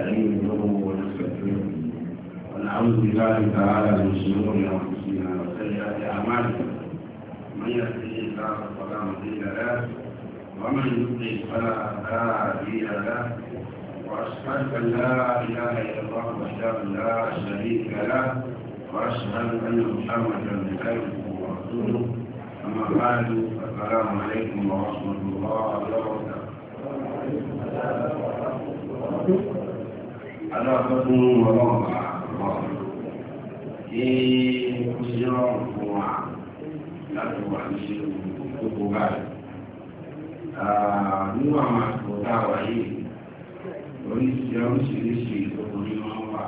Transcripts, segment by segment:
ونستعينه ونستغفره ونعوذ بالله تعالى من شرور انفسنا وسيئات اعمالنا من يهده الله فلا مضل له ومن يضلل فلا هادي له واشهد ان لا اله الا الله وحده لا شريك له واشهد ان محمدا عبده ورسوله اما بعد السلام عليكم ورحمه الله وبركاته Thank you. aláàbò fún ọ̀pọ̀ kí ó ṣe fún wa láti wà ní gbogbo báyìí. nínú àwọn àsìkò a wà yìí oríṣiríṣi oríṣiríṣi ìtọ́lọ̀ ṣe ní ọ̀rọ̀ bá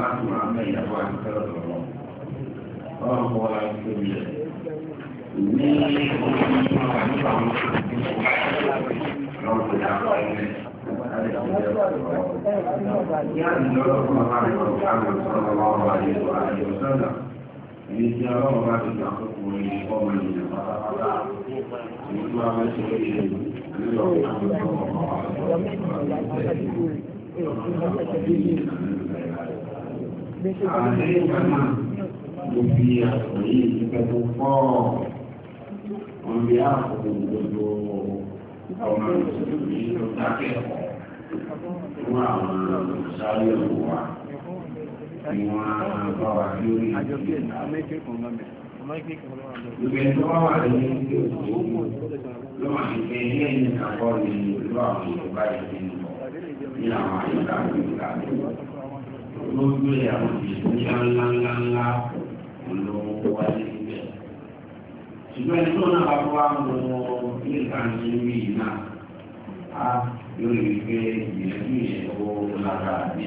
láti máa mẹ́ ìyàwó lọ́wọ́. Ọ̀rọ̀ kọ́ wa ti tóbi rẹ̀. Ní يعني لو كنا نعرف محمد صلى الله عليه وآله وسلم ìrìnjẹ́ ọlọ́run bá ti gbà kókò ní ọmọ ènìyàn pátápátá ní tí wọ́n máa ṣe lórí ẹ̀yìn nínú ọ̀pọ̀ àwọn ọmọ àwọn ọmọ mo fi àkòrí ìdíkẹ́ tó pọ̀ wọ́n fi àkókò gbogbo ọmọ mùsùlùmí tó dákẹ́kọ̀ọ́ fún àwọn olùsáré ọ̀hún ni wọ́n bá wa kí ó rí ìgbìyànjú. Ìgbìyànjú wá wà ní ilé òkú ló wà ní pé ilé ìnìkan kọ́ ni ìlú àwọn Yorùbá ìdí ní àwọn àyíká Yorùbá. Olóògbé àwọn ìṣúná ńláńláńlá ló wáyé ṣùgbọ́n ẹni tó náà bá tó wá mọ ilé ìkànnì ní náà á yóò rí pé ìyẹ̀dú yẹn ó lágbára dé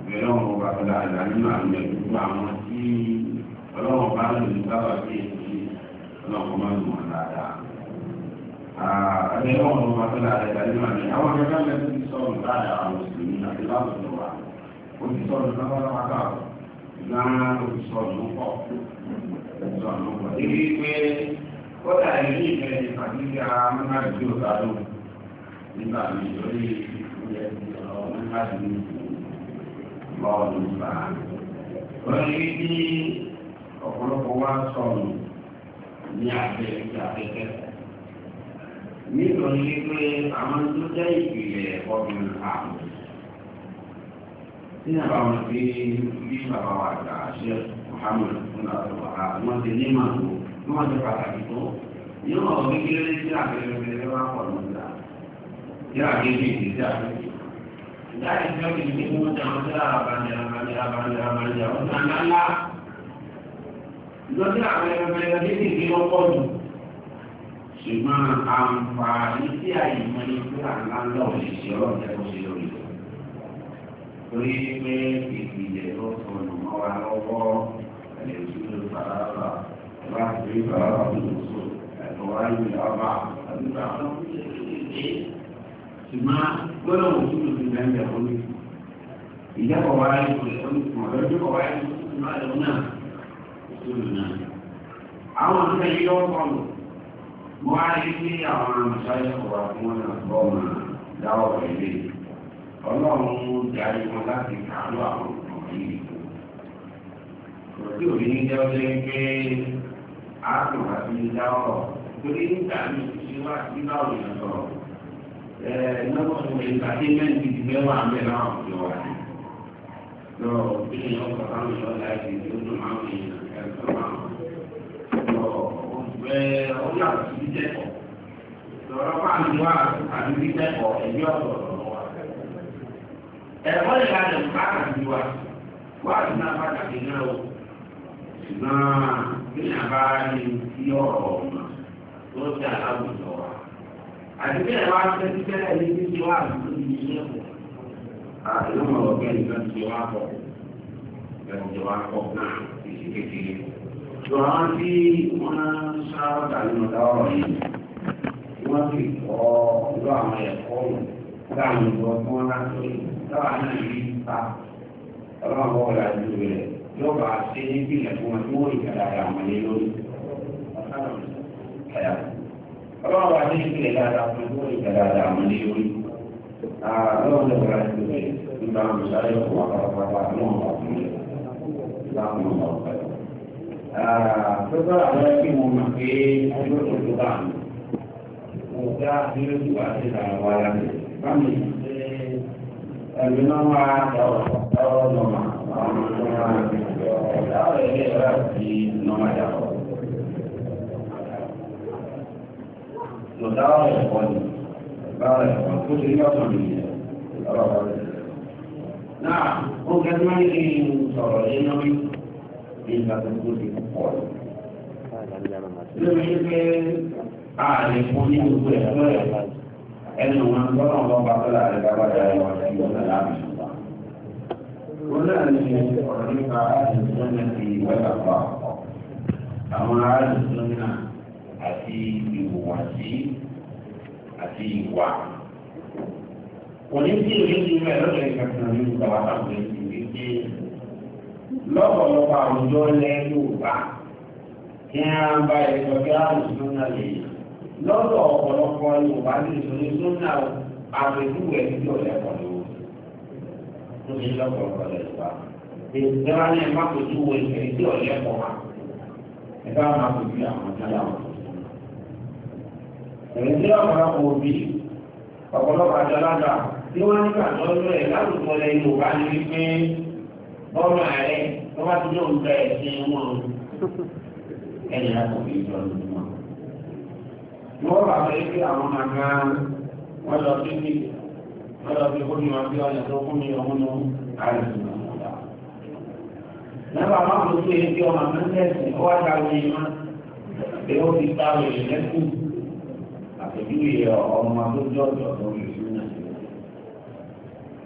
ìbẹ̀rẹ̀ ọ̀hún ọba tó dáadáa nínú àwọn ẹ̀dùnkú àwọn tí ọlọ́run bá lò ní bábà bí èsì ọlọ́run máa lò wọn dáadáa. Àbẹ̀rẹ̀ ọ̀hún ọba tó dáadáa nínú àwọn àwọn akẹ́kọ̀ọ́ mẹ́tò ti sọ̀rọ̀ láàrin àwọn mùsùlùmí àti láwùjọ wa. Ó ti sọ̀rọ̀ náà nítorí pé àwọn tó jẹ́ ìpìlẹ̀ ọ̀gbìn àwọn nínú àwọn ìpè bí bàbá wa àgbà ṣe Muhammad fúnra ọ̀rọ̀ àwọn ti ní màá tó ní wọ́n ti pàtàkì tó nínú ọ̀rọ̀ kékeré ní sí àgbẹ̀rẹ̀fẹ̀rẹ̀ wá pọ̀ lọ́dà tí àgbẹ̀rẹ̀ ìdí sí àgbẹ̀rẹ̀ láì fẹ́ kí ní mú jàmọ́ sí àbàlẹ̀ àbàlẹ̀ àbàlẹ̀ àbàlẹ̀ àwọn ọ̀nà ńlá lọ́dí àgbẹ̀rẹ̀fẹ̀rẹ̀ ní ìdí lọ́pọ̀ jù ṣùgbọ́n àǹfààní sí àyè mọ́ ní fúlàńlá lọ́wọ́ ìṣẹ́ ọ̀rọ̀ torí pé ìpìlẹ̀ tó sọnù mọ́ wa lọ́wọ́ ẹ̀lẹ́ ìṣúlẹ̀ fàlàfà ẹ̀bá àti fàlàfà tó lò sọ ẹ̀tọ́ wa ní ọba àdúgbà ṣùgbọ́n gbọ́dọ̀ wò tún lòdì lẹ́yìn ẹ̀kọ́ ní ìjẹ́kọ̀ wa ní ìpìlẹ̀ ọ̀dọ́jọ́kọ̀ wa ní ìpìlẹ̀ náà ìṣúlẹ̀ náà àwọn ọ̀sẹ̀ yìí lọ́wọ́ kọlù mo wá rí sí àwọn àmì sáyẹ̀kọ̀ wa fún ọ̀nà ọ̀gbọ́n dáwọ̀ ilé ọlọ́run darí wọn láti kàánú àwọn òbí òbí òbí ní jẹ́ ọdẹ pé a kò wá sí ní dáwọ́ torí nígbà mi ṣe wá sí báwo yẹn sọ ẹ lọ́wọ́ tó lè gbàdé mẹ́ǹtì ti mẹ́wàá mẹ́ náà ọ̀dọ́ wa ni lọ bí èèyàn kọ̀ káwọn èèyàn láti ṣe ó dùn máa ń fi ẹ̀sọ́ máa lọ ọ̀gbẹ́ ọ̀gbẹ́ àti ìdẹ́kọ̀ọ́ lọ́rọ́ máa ń wá àti ìdẹ́kọ̀ọ́ ẹ̀yọ́ ọ̀rọ̀ ẹ̀rọ ìlànà ìbáàkàtì wa wà nínú àbákàtì náà o ṣùgbọ́n bí i àbá ní ti ọ̀rọ̀ ọ̀nà tó ti aláwùjọ wa àti bí ẹ̀rọ akẹ́kẹ́ tẹ́lẹ̀ ní ti ti wá àdúgbò ní ilé ẹ̀kọ́ àti ọmọ ọ̀gbẹ́ nìkan ti wá pọ̀ ẹ̀rọ ti wá pọ̀ ìṣe kékeré ṣùgbọ́n tí wọ́n sábà nínú ọ̀rọ̀ yìí wọ́n ti kọ́ ọ̀dọ́ àwọn ẹ̀kọ́ wọn láàrin ìwọ tí wọ́n rán pé táwa náà yìí ń ta ọlọ́run bọ́ ọ̀la ìlú rẹ̀ yóò bá a ṣe ní ìpìlẹ̀ fún wọn tí wọ́n ìgbà dáadáa wọn lé lórí. ọlọ́run bá a ṣe ní ìpìlẹ̀ dáadáa fún wọn tí wọ́n ìgbà dáadáa wọn lé lórí. ọlọ́run lè wọ́n ra ìlú rẹ̀ nígbà wọn sáré fún wọn pátápátá bá fún mi láwọn àwọn ẹgbẹ́ wọn mọ̀ pé ọjọ́ tó tó mo dá bí ó ti wá sí àwọn ará mi kami ẹgbẹ̀rún wa dáwọ́ nọ́mà dáwọ́ ilé ìwà sí nọ́mà dáwọ́ lọ́dáwọ́ ẹ̀kọ́ ni báwọ̀ ẹ̀kọ́ tó ṣe ní ọ̀sán mi yẹ ọ̀rọ̀ ọ̀rẹ́ náà ó gẹ́gẹ́ máa ń rí sọ̀rọ̀ yé lórí nígbà tó tó ti pọ̀ lórí pé a lè fún ní gbogbo ẹ̀kọ́ ẹ̀kọ́ ẹnu wọn tọ́nà wọn bá tọ́lá rẹ̀ bá bàjá ẹwà sí ọ̀nà láàmì ṣùgbà. Wọ́n náà ní ọ̀rọ̀ nípa àdìsọ́nà ti wẹ́lá pa àwọn àdìsọ́nà àti ìhùwàsí àti ìwà. Kò ní sí ìlú ti rẹ̀ lọ́dọ̀ ìkàkùn ní ìgbàwá àgbẹ̀ ìgbè pé lọ́pọ̀lọpọ̀ àwùjọ ilẹ̀ Yorùbá kí wọ́n bá ẹ̀kọ́ kí àdìsọ́nà lè lọ́dọ̀ ọ̀pọ̀lọpọ̀ yorùbá ní ìṣòro sóńdà àpèjúwe níjọ́ ẹ̀kọ́ ni ó tó ní lọ́pọ̀lọpọ̀ yorùbá. ìjọba ní ẹ̀ má pèjúwe ìṣèlú ọ̀lẹ́kọ̀ọ́ wa ẹ̀ bá má pèjú àwọn ọ̀dọ́ àwọn ìrìnlẹ̀ ọ̀pọ̀lọpọ̀ òbí ọ̀pọ̀lọpọ̀ àjọlágbà tí wọ́n nígbà tó ń lọ ẹ̀ láwùjọ lẹ yorùbá ní wípé bọ́ọ̀lù ààrẹ wọ́n bá ti lóun gba wọ́n wà pé kí àwọn àgbà wọ́n lọ sí ní wọ́n lọ sí fún mi wọ́n bí ọ̀yà tó fún mi ọ̀hún nù àìsàn ọ̀dà. Nígbà máa ń pè é kí ọmọ mi ń tẹ̀sí ó wá gba oyin mọ́ pé ó ti ta òye lẹ́kùn àpèjúwe ọmọ tó jọ̀jọ̀ tó fi sí náà.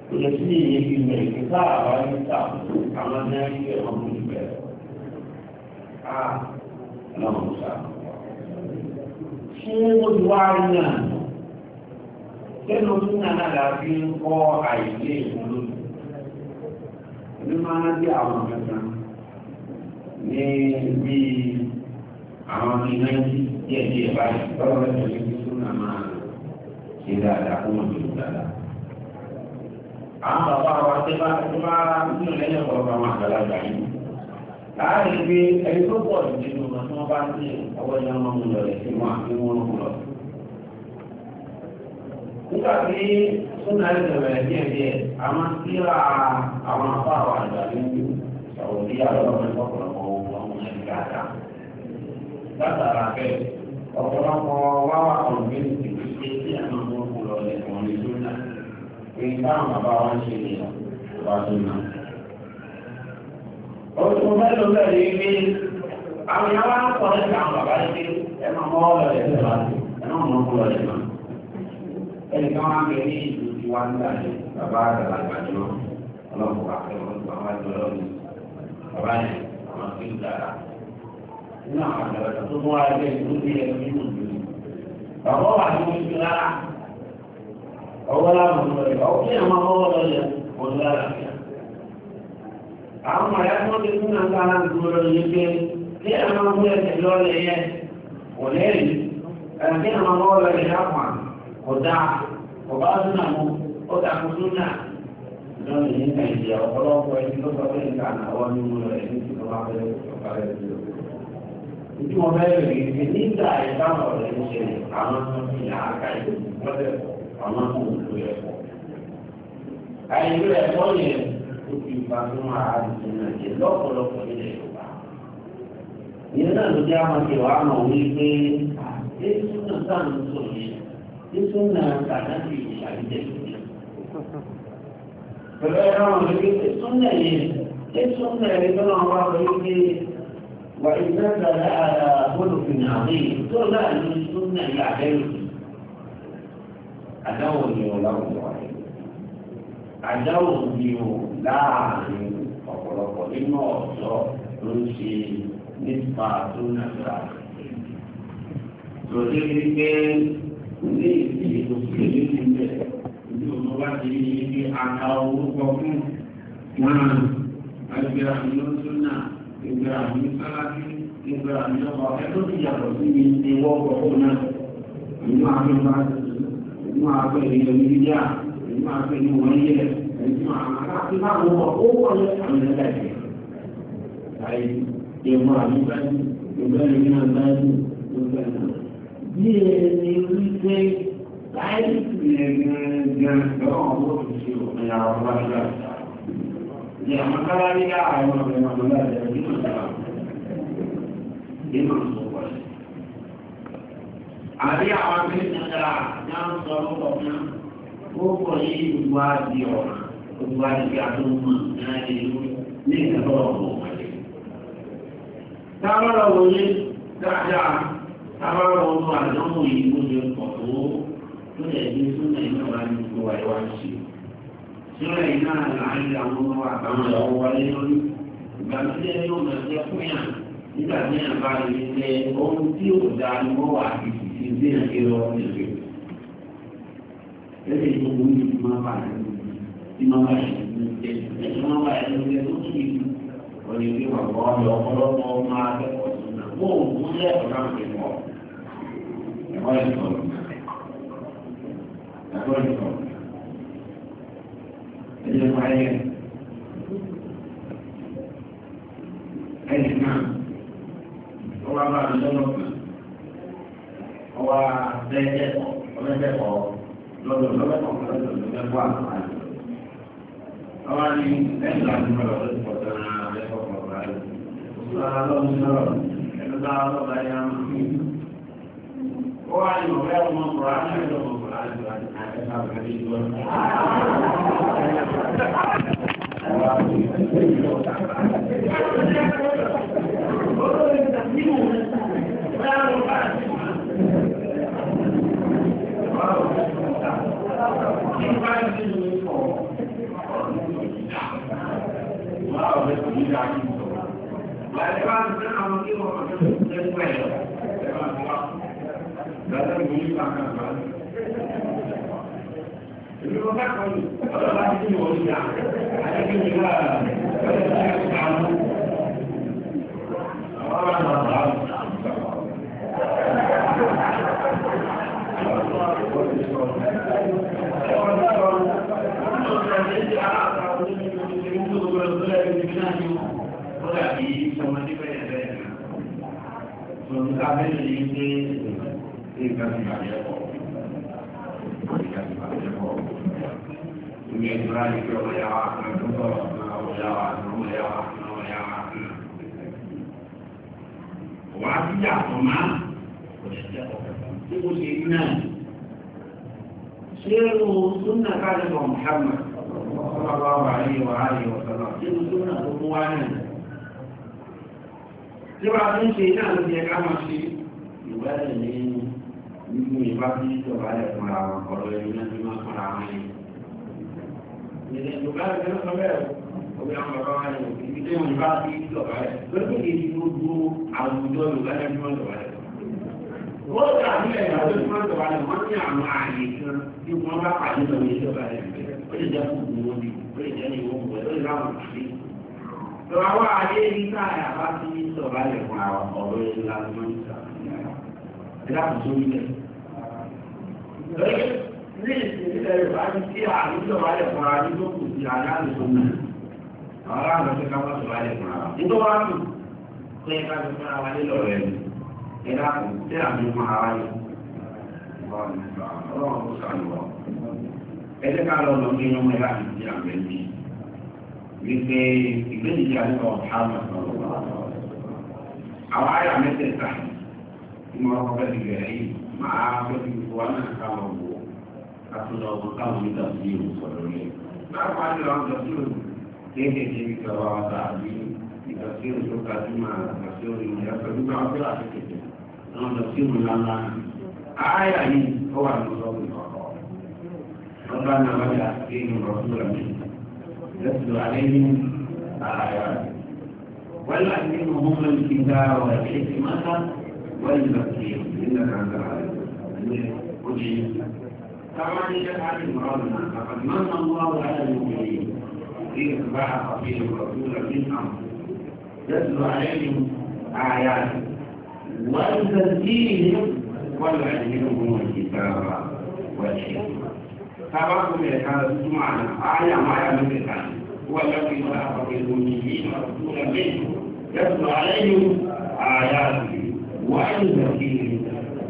Kò lè sí iye àwọn náà ọmọ ìbẹ̀rẹ̀. Á ah, lọ́wọ́ sáà fún olùwà èèyàn kẹ́nu tún náà láti ń kọ́ àìlé ìwúlò ní máa dé àwọn kankan ní bí àwọn iná díẹ̀ díẹ̀ báyìí lọ́wọ́ lẹ́sẹ̀ ní kí tún náà máa ṣe dáadáa fún ọmọ ìlú dáadáa. àwọn bàbá wa tẹ́ bá tẹ́ bá láàrin pé ẹni tó pọ̀ nínú wọn tí wọ́n bá ní ọwọ́ ìyá wọn mú lọ rẹ̀ sí wọn àti wọn mú lọ. nígbà tí súnà ẹ̀sẹ̀ bẹ̀rẹ̀ díẹ̀ díẹ̀ àwọn síra àwọn afá àwọn àgbà nínú sọ̀rọ̀ bí àlọ́ọ̀mọ́ ìfọ̀pọ̀lọpọ̀ wọn mú ẹni dáadáa. látara bẹ́ẹ̀ ọ̀pọ̀lọpọ̀ wá wà ọ̀gbìn ìgbésí tí àwọn ọmọ òkú lọ rẹ̀ wọ́n ní ọdún mẹ́lò bẹ̀rẹ̀ ibi àwọn yàrá ń kọ́ nípa àwọn bàbá ibi ẹ máa mọ́ ọ̀rọ̀ rẹ̀ tẹ̀lá ẹ máa mọ́ ọ̀rọ̀ rẹ̀ mọ́ ẹnì kan wá ń bẹ ní ìlú tí wá ń dàdé bàbá àgbàlá àgbàjọ ọlọ́pàá akẹ́kọ̀ọ́ bàbá àgbàlọ́ ni bàbá yẹn àwọn tí ń dára nínú àwọn àgbàlá tó mú wa lé ìlú bí ẹ ní ìlú bàbá wà ní oṣù rárá ọwọ́ láwọn rẹ̀ ọ̀kẹ́ àwọn ọ̀yá tó ti fún àwọn ará ìgboro yìí pé kí àwọn ọmọ ẹ̀sẹ̀ lọ́lẹ̀ yẹ kò lẹ́rìí kí àwọn ọmọ ọ̀rọ̀ rẹ̀ dápà kò dá ọba súnà mú ó dà kó lọ́nà yìí kà ìdí ọ̀pọ̀lọpọ̀ ẹni tó sọ pé nǹkan àwọn nínú rẹ̀ ní ti ọba fẹ́ ọba rẹ̀ ti lọ. Ìdí wọn fẹ́ rẹ̀ yìí pé nígbà ìbáwọ̀ rẹ̀ ń ṣe àwọn ọmọ tó fi ipa tó máa àdùnkù náà jẹ lọ́pọ̀lọpọ̀ nílẹ̀ Yorùbá. ìyẹn náà ló jẹ́ àwọn ti wàá wí pé Jésù náà sáà ń sọ yẹn náà kàdá sí ìṣàlùjẹ ìṣẹ́. pẹ̀lú ẹ̀rọ àwọn ọ̀rẹ́ pé súnlẹ̀ yẹn Jésù náà rí tó náà wá lórí pé wà ìgbà kàdá àrà olùfin àwìn tó láàrin súnlẹ̀ yà bẹ́ẹ̀ àdáwò ni ọ̀la òun wáyé àdáwò ni òun láàrin ọ̀pọ̀lọpọ̀ nínú ọ̀dọ́ ló ń ṣe nípa tó nàgbà. Lòdì rí pé ní ìdílé tó ṣe ní ìbẹ̀ ní òun bá ti ní ibi aka owó kọ fún wọn. Àgbẹ̀rẹ̀ àmì ló ń tún náà, ìgbẹ̀rẹ̀ àmì sálákì, ìgbẹ̀rẹ̀ àmì ọkọ̀ ọ̀fẹ́ tó ti yàtọ̀ sí mi ti wọ́pọ̀ fún náà. Ìmú àgbẹ̀ bá ti sùn, ìmú àgbẹ̀ ìyẹn ní ìjà, ìmú àgbẹ̀ ní wọ́n yẹ̀. Bí ẹni wípé láì sí ẹgbẹ̀rẹ̀ lọ́wọ́ ọmọ òṣìṣẹ́ òfin àwọn ọmọ ìlú àṣà. Ìyàmọ́ kára ní àwọn ọmọ ìlú àṣà nínú ìjọba. Nínú ìjọba. Àbí àwọn akẹ́kọ̀ọ́ náà ń sọ lọ́pọ̀ náà, ó kọ̀ yí ìwádìí ọ̀rọ̀. gbogbo wa ti fi àdúgbò náà lè lú ní ìdájọ́ ọ̀pọ̀ wọlé. tábàlọ̀ wọlé dáadáa tábàlọ̀ wọlé àdánwò yìí ló lè pọ̀ tó lè ní iná wa ní gbogbo láàárín àwọn ọmọ àbáwọn wọlé lórí yóò máa nígbà tí bá lè ohun tí ò tí máa bá yẹn ní jẹ ẹ̀sùn máa bá yẹn ní jẹ tó kì í ju òní bí wọn kọ́ ọ́ lọ ọ̀pọ̀lọpọ̀ máa kẹ́kọ̀ọ́ sí náà kó o mú lẹ́ẹ̀kọ́ náà fi lọ́dọ̀ lọ́dọ̀ lọ́dọ̀ lọ́dọ̀ kọ́ àwọn ni lẹ́yìn láti mọ̀rọ̀ ló ti pọ̀ tán lẹ́kọ̀ọ́ kan ọ̀gá rẹ̀ oṣù ara lọ́wọ́ ń sọ̀rọ̀ ẹ̀rọ bá ọlọ́ba yá ń fi ó wá ní ọ̀rẹ́ ọmọ ọkùnrin àti ẹ̀rọ ọkùnrin àti ẹ̀rọ àti ẹ̀rọ àti ẹ̀rọ àti ẹ̀rọ àti ẹ̀rọ àwọn kí wọ́n máa tó tẹ́kọ̀ ẹ̀ lọ́wọ́ lọ́wọ́ ìwòye pàkà bá ní. Ìlú ọ̀gá kan ní ọ̀dọ́ bá ti ní ìwọ̀n ìjà, àti kí ni wà á lábẹ́lẹ̀ yìí pé nǹkan ti bàjẹ́ pọ̀ nǹkan ti bàjẹ́ pọ̀ ìgbẹ́ ìtura ní kí ọmọ yàrá kan tó bọ̀ ọmọ yàrá kan ọmọ yàrá kan ọmọ yàrá kan. wà á ti yà tó má kò sì jẹ́ ọ̀pẹ̀ tí kò sì rí náà. ṣé o súnà káàdì bọ̀ mùhàmmad ọlọ́wọ́ àyè wà áyè wọ̀ sọ́lá ṣé o súnà tó mú wá náà nígbà ìjọba ni. ìrìn ìjọba rẹ̀ lórí èyí gbogbo tó àwọn àdé ní káàdà bá ti ní sọ̀rọ̀ alẹ̀ fún àwọn ọ̀rọ̀ yẹn lásán níta ẹ̀dá kò sórí lẹ̀. ní ìpínlẹ̀ rẹ̀ bá ti kí àdé sọ̀rọ̀ alẹ̀ fún ara nígbà kò sí àdá àlùkò náà àwọn aláàbò fẹ́ ká wá sọ̀rọ̀ alẹ̀ fún ara nígbà kò sí àmì fún ara yẹn wípé ìgbésí ìjà nípa ọ̀hánà àwọn àyà mẹ́tẹ̀ẹ̀ta tí wọ́n kọ́ fẹ́ bìbẹ̀ yìí máa fẹ́ fi gbogbo wa náà ká lọ wò látọ̀dọ̀ ọ̀gbọ̀n káwọn nígbà tí yóò sọ lórí ẹ̀. láàpá ní ọ̀hún jọ sí òun kéékèèké ní ìjọba wa tàbí ìjọ sí òun tó ga jùmọ̀ àgbà sí òun ìjọba pẹ̀lú káwọn tó láti kéèké àwọn jọ sí òun lánlá. àyà yìí ó wà ní ọ̀dọ́ ọ̀gbọ̀n ọ̀gbọ̀n náà wáyà نتلو عليهم آياته ولعنهم الكتاب والحكمة والبكير إنك أنت العليم طبعا إذا كان مرادنا فقد من الله على المؤمنين إذ بعث فيهم الرسول في الأمر، يتلو عليهم آياته ويزكيهم ويعلمهم الكتاب والحكمة تابعت من هذا الجمعة أعلم آية ما يعمل هو الذي خلق بالأميين رسولا منهم يتلو عليهم آياته ويزكيهم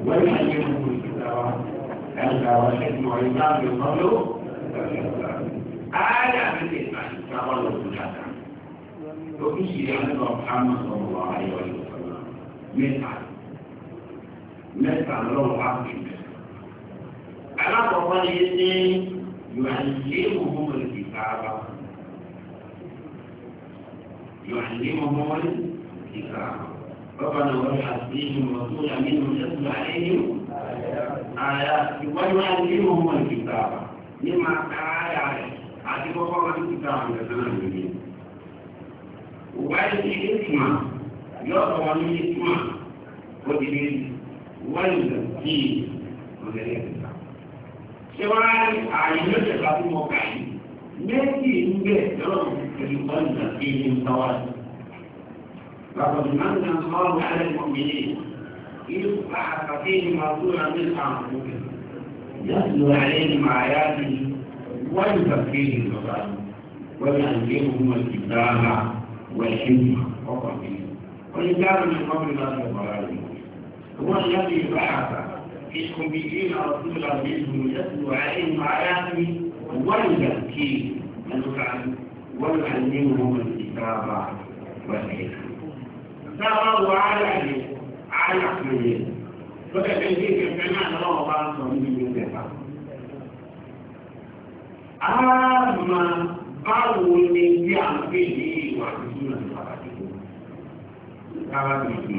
ويعلمهم الكتاب كلا والحكم والإيمان من قبله آية من الإيمان تولوا سجدا وكشي عن محمد صلى الله عليه وسلم مثل مثل لو عبد alákọ̀ọ́kọ́ ni yé ní yòhánìlémùmọ́ ìkàrà yòhánìlémùmọ́ ìkàrà bọ́bá náà wọ́n àti ìmọ̀ tó yà nínú ẹ̀sùn àlẹ́yìn àyà ìwọ́n yòhánìlémùmọ́ ìkàrà ní máa ká àyà rẹ̀ àti kọ́kọ́ wọn ti ta àwọn ẹ̀sán náà lóye. wáyé ní ìtumà yóò sọ wọn ní ìtumà ó ti ní wáyé lọ sí ọ̀gẹ̀dẹ̀ ṣé wá rí ààyè lọ́sẹ̀ bá fún ọkà yìí méjì ń bẹ̀ lọ́rọ̀ pẹ̀lú ọ̀nà ìlú náwà lọ́kọ̀dùnmá ń kan kọ́ ọ́n alẹ́ mọ̀mìnì ìlú àkàtì ìmọ̀tòrà ní àǹkó yàtò alẹ́ màáyá ni wọ́n ń kàkí ìjọba wọ́n yà ń gbé ohun ìdára wẹ̀ṣẹ̀ ọkọ̀ mi. wọ́n yẹ kí á lè mọ́bìnrin láti ọ̀pọ̀ láti wọ́n yà ń gbé ìbára الكمبيين رسول العزيز يتلو عليهم آياته ويزكيهم أن يفعلوا ويعلمهم الكتاب والحكمة فهو على على عقله فكذلك كما نرى بعض من الكتاب أما بعض من يعمل به وعلى سنة الصلاة كما في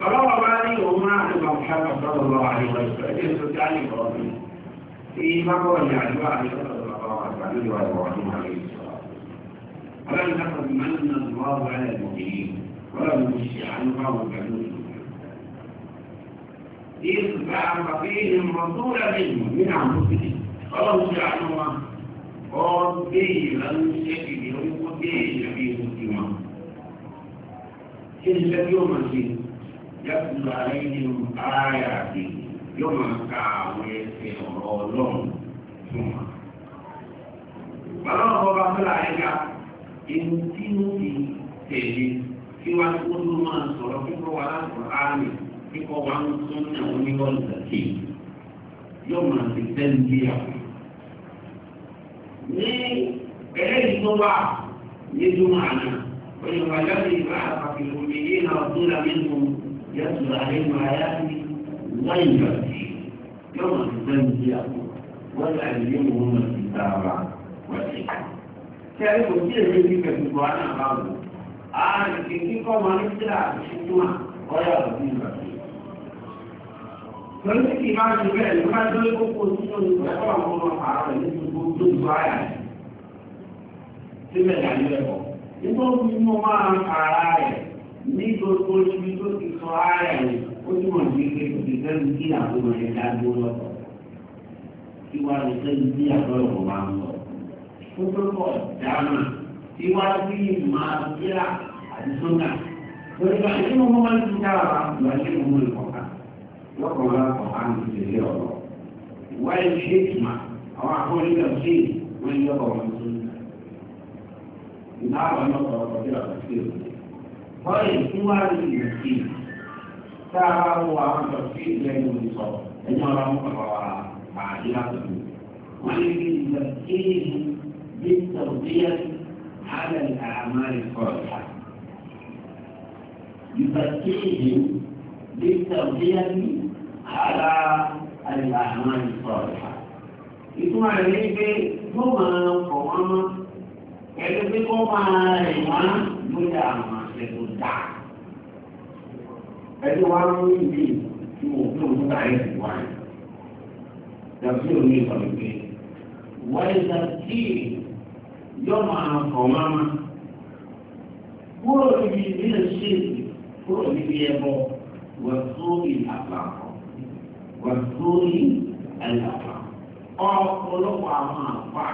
فروى مالي ومعهد محمد صلى الله عليه وسلم يسرد علي فرضي في مقر يعني بعد صلى الله عليه وسلم عليه الصلاة ولم تقد من الله على المؤمنين ولم يشفع عن قوم بنون إذ بعث فيهم رسولا منهم من أنفسهم قال جعلوا ربي لن يجد يوم الدين في مسلمة تلك اليوم الدين yàtúndà lẹ́yìn ààyà sí yóò máa ka àwọn ẹsẹ̀ ọ̀rọ̀ ọlọ́run fún wa. Bàbá ọba fúlà ẹ̀ka ewu tí ó fi tẹ̀lé kí wá tó ló máa sọ̀rọ̀ kíkọ́ wa láǹkọ̀ áàmì kíkọ́ wa ń tún ní àwọn oníbọ̀lù kàkì yóò máa fi tẹ́lẹ̀ àwọn. Ní ẹlẹ́yìn tó wà ní Júmọ̀ àná, òyìnbó àjọ́sìn ìgbà àpapọ̀ ìròyìn yìí náà tó lábẹ́ nù يتلو عليهم آياتي غير يوم الزمن يأخذ وتعلمهم الكتاب والحكمة تعرف كثير من تلك القرآن بعضه أعرف كيف ما نزرع بشكوى ولا ربي فلسك إمام الفعل ما ذلك قصة ويقرأ الله تعالى لسه قصة وعيا سمع يعني لكم إنه ما عن قرارة ní gbogbo ibi tó ti sọ ara rẹ̀ ó túmọ̀ sí pé kò ti fẹ́ kí àbúrò rẹ̀ dájú lọ́tọ̀ kí wá lè fẹ́ kí àbúrò rẹ̀ máa ń lọ. ó tó pọ̀ dáná tí wá sí máa bíra àti sóńgà. lórí ká ṣe mo máa ń ti dára wa ìwà ṣe mo mú ìkọ̀ọ̀ká lọ́kọ̀ọ́ wa kọ̀ọ̀ká ń ti tẹ̀lé ọ̀rọ̀. ìwáyé ṣe ìtumà àwọn akọ́ni lọ sí ń ta. bọ́ọ̀lì tí wọ́n á lè lè sí i tá a bá wo àwọn ọ̀dọ̀ sí ilẹ̀ ìlú sọ ẹ̀yìn ọ̀rọ̀ mú bàbá wa àdé lásìkò wọ́n lè fi ìgbà kéèyàn bí sọ̀bíyà alẹ́ àmà ìkọ̀ọ̀yà ìgbà kéèyàn bí sọ̀bíyà alẹ́ àmà ìkọ̀ọ̀yà ìtumọ̀ rẹ̀ ní pé yóò máa fọ̀ wọ́n pẹ̀lú pé kó máa rìn wọ́n lórí àwọn àṣẹ tó ta ẹjọ́ wa ń rí ibi tí mo tó ń ta ẹ̀ wá yìí dàbí òní ìkọ̀lù pé wáyé ta tí yọ máa máma kúrò níbi ìdílé ṣéèkì kúrò níbi ẹbọ wà sórí àpapọ̀ wà sórí àlàpà ọ̀pọ̀lọpọ̀ àwọn àpá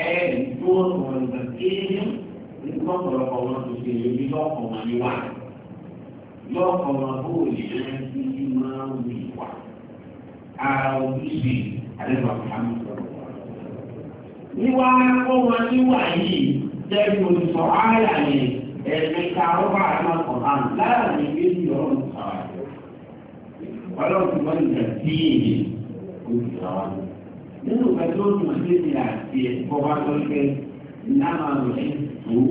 ẹ̀ẹ́dì tó ń wọ̀n ìgbà kéèyàn nígbà ọ̀pọ̀lọpọ̀ wọn ti ṣe èyí lọ́kàn wọn ni wà lọ́kàn wọn kó lè rántí máa ń wù wà ara ojúṣe àlejò àmì wíwá kó wọn níwà yìí jẹ́bi olùsọ ààyà ni ẹ̀ẹ̀mẹta ọba àmọ́kọ̀ hàn láàrin méjì ọ̀rọ̀ ìsàwà ọlọ́run wọn ìgbà tí èyí olùsàwà nínú ìgbà tó ń tún sí ìlà àti ẹ̀kọ́ wá lọ́kẹ́ ìlú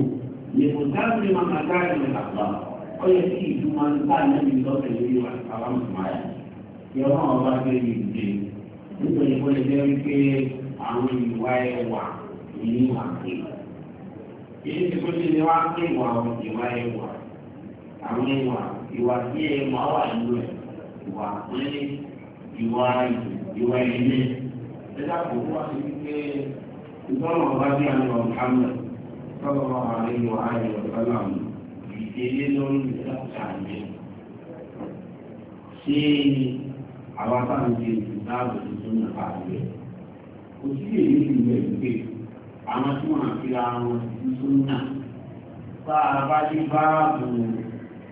lèmọ̀tàbí máa máa káàrí ní àgbà ó yẹ kí ìlú máa ń bá nẹ́bí lọ́sẹ̀ lórí àwọn ìsìnmáyà kí ọlọ́run ọba gbé ní ìdè nítorí kó lè jẹ́ wípé àwọn ìwà ẹwà ìní wà pé èyí ti kó lè wá pé ìwà ìwà ẹwà àwọn ìwà ìwà tí ẹ máa wà nínú ẹ ìwà pé sí wípé ìtọ́nà ọba bí àwọn ọ̀hánmẹ́rẹ́ sọ́lọ́wọ́ àárín wa ayé ọ̀sọ́lá mi ìdílé lórí ìdájà mi. ṣé àwa bá ń ṣe ìdáàbò tuntun nípa rẹ̀? kò sí èyí ti lè gbé àwọn tí wọ́n fi ra wọn tuntun náà bá a bá dé báàbò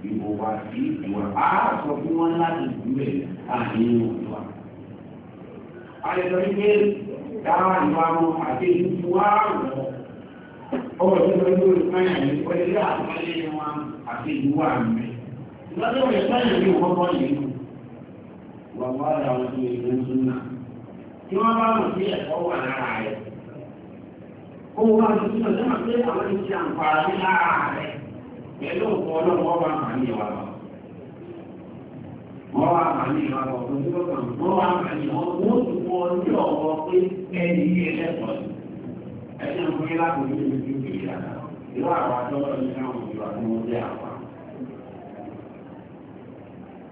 ìwòwà sí ìwà á sọ fún wọn láti gbúlẹ̀ àárín òkúta. a lè sọ wípé dáhà ìwà wọn àti ìlú wa rọ̀ ọmọ tó lọ lórí fáyà ní pẹ̀lú àpẹẹrẹ wọn àti ìlú àmì lọ́dọ̀ rẹ̀ fáyà ní ọgbọ́n yìí wà wá ra wọn tó ìlú súnà tí wọ́n bá wọn sí ẹ̀kọ́ wà lára rẹ̀ ó wá lọ sí ọjọ́ àti àwọn ìṣe àǹfààní lára rẹ̀ pẹ̀lú ọ̀pọ̀ ọlọ́wọ́ wà pàmì wà lọ. Wọ́n wá pàmì wà lọ, òṣèlú kan, wọ́n wá pàmì wọ́n, wọ́n tún wọ́n ẹni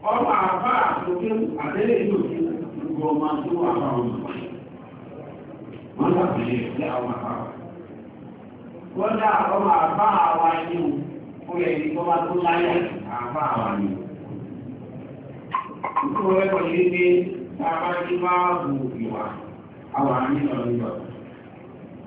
àwọn àbá àtòkè àtẹlẹ ìlú òkè gbogbo ọmọ tó wà sí àwọn wọ́n dá àbá bá tó láyé àbá ìkúrò ẹ̀kọ́ ní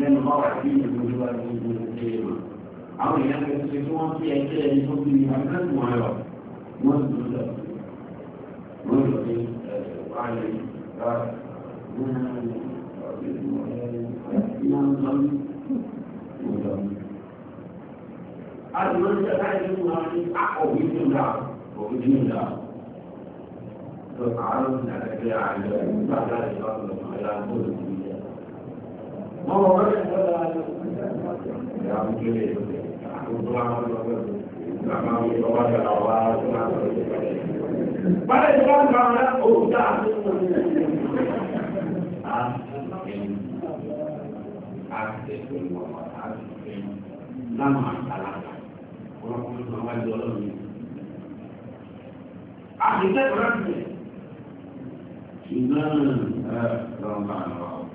lẹ́nu bá wà sí ìlú olúwa ní ìlú ìlú àwọn èèyàn kan ṣe kí wọ́n fi ẹgbẹ́ ẹni tó bí abúlé wọn lọ wọ́n lù lọ wọ́n lọ ní wáyé bá Àdúgbò ń jẹ́ láì nínú àwọn akọ̀wé tó ń dà, òfin tó ń dà. Lọ àárọ̀ ìdàgbẹ́ àìlọ́ ìgbàgbà ìbámu lọ́wọ́ ẹ̀rọ àgbọ̀dọ̀. Báyìí wọ́n gbà wọn òòtà lámà àlàkà ọlọ́kùnrin máa wá jọ ọlọ́run yìí. Àṣìṣẹ́ ìrántí ṣùgbọ́n ẹ̀rọ ń bá àwọn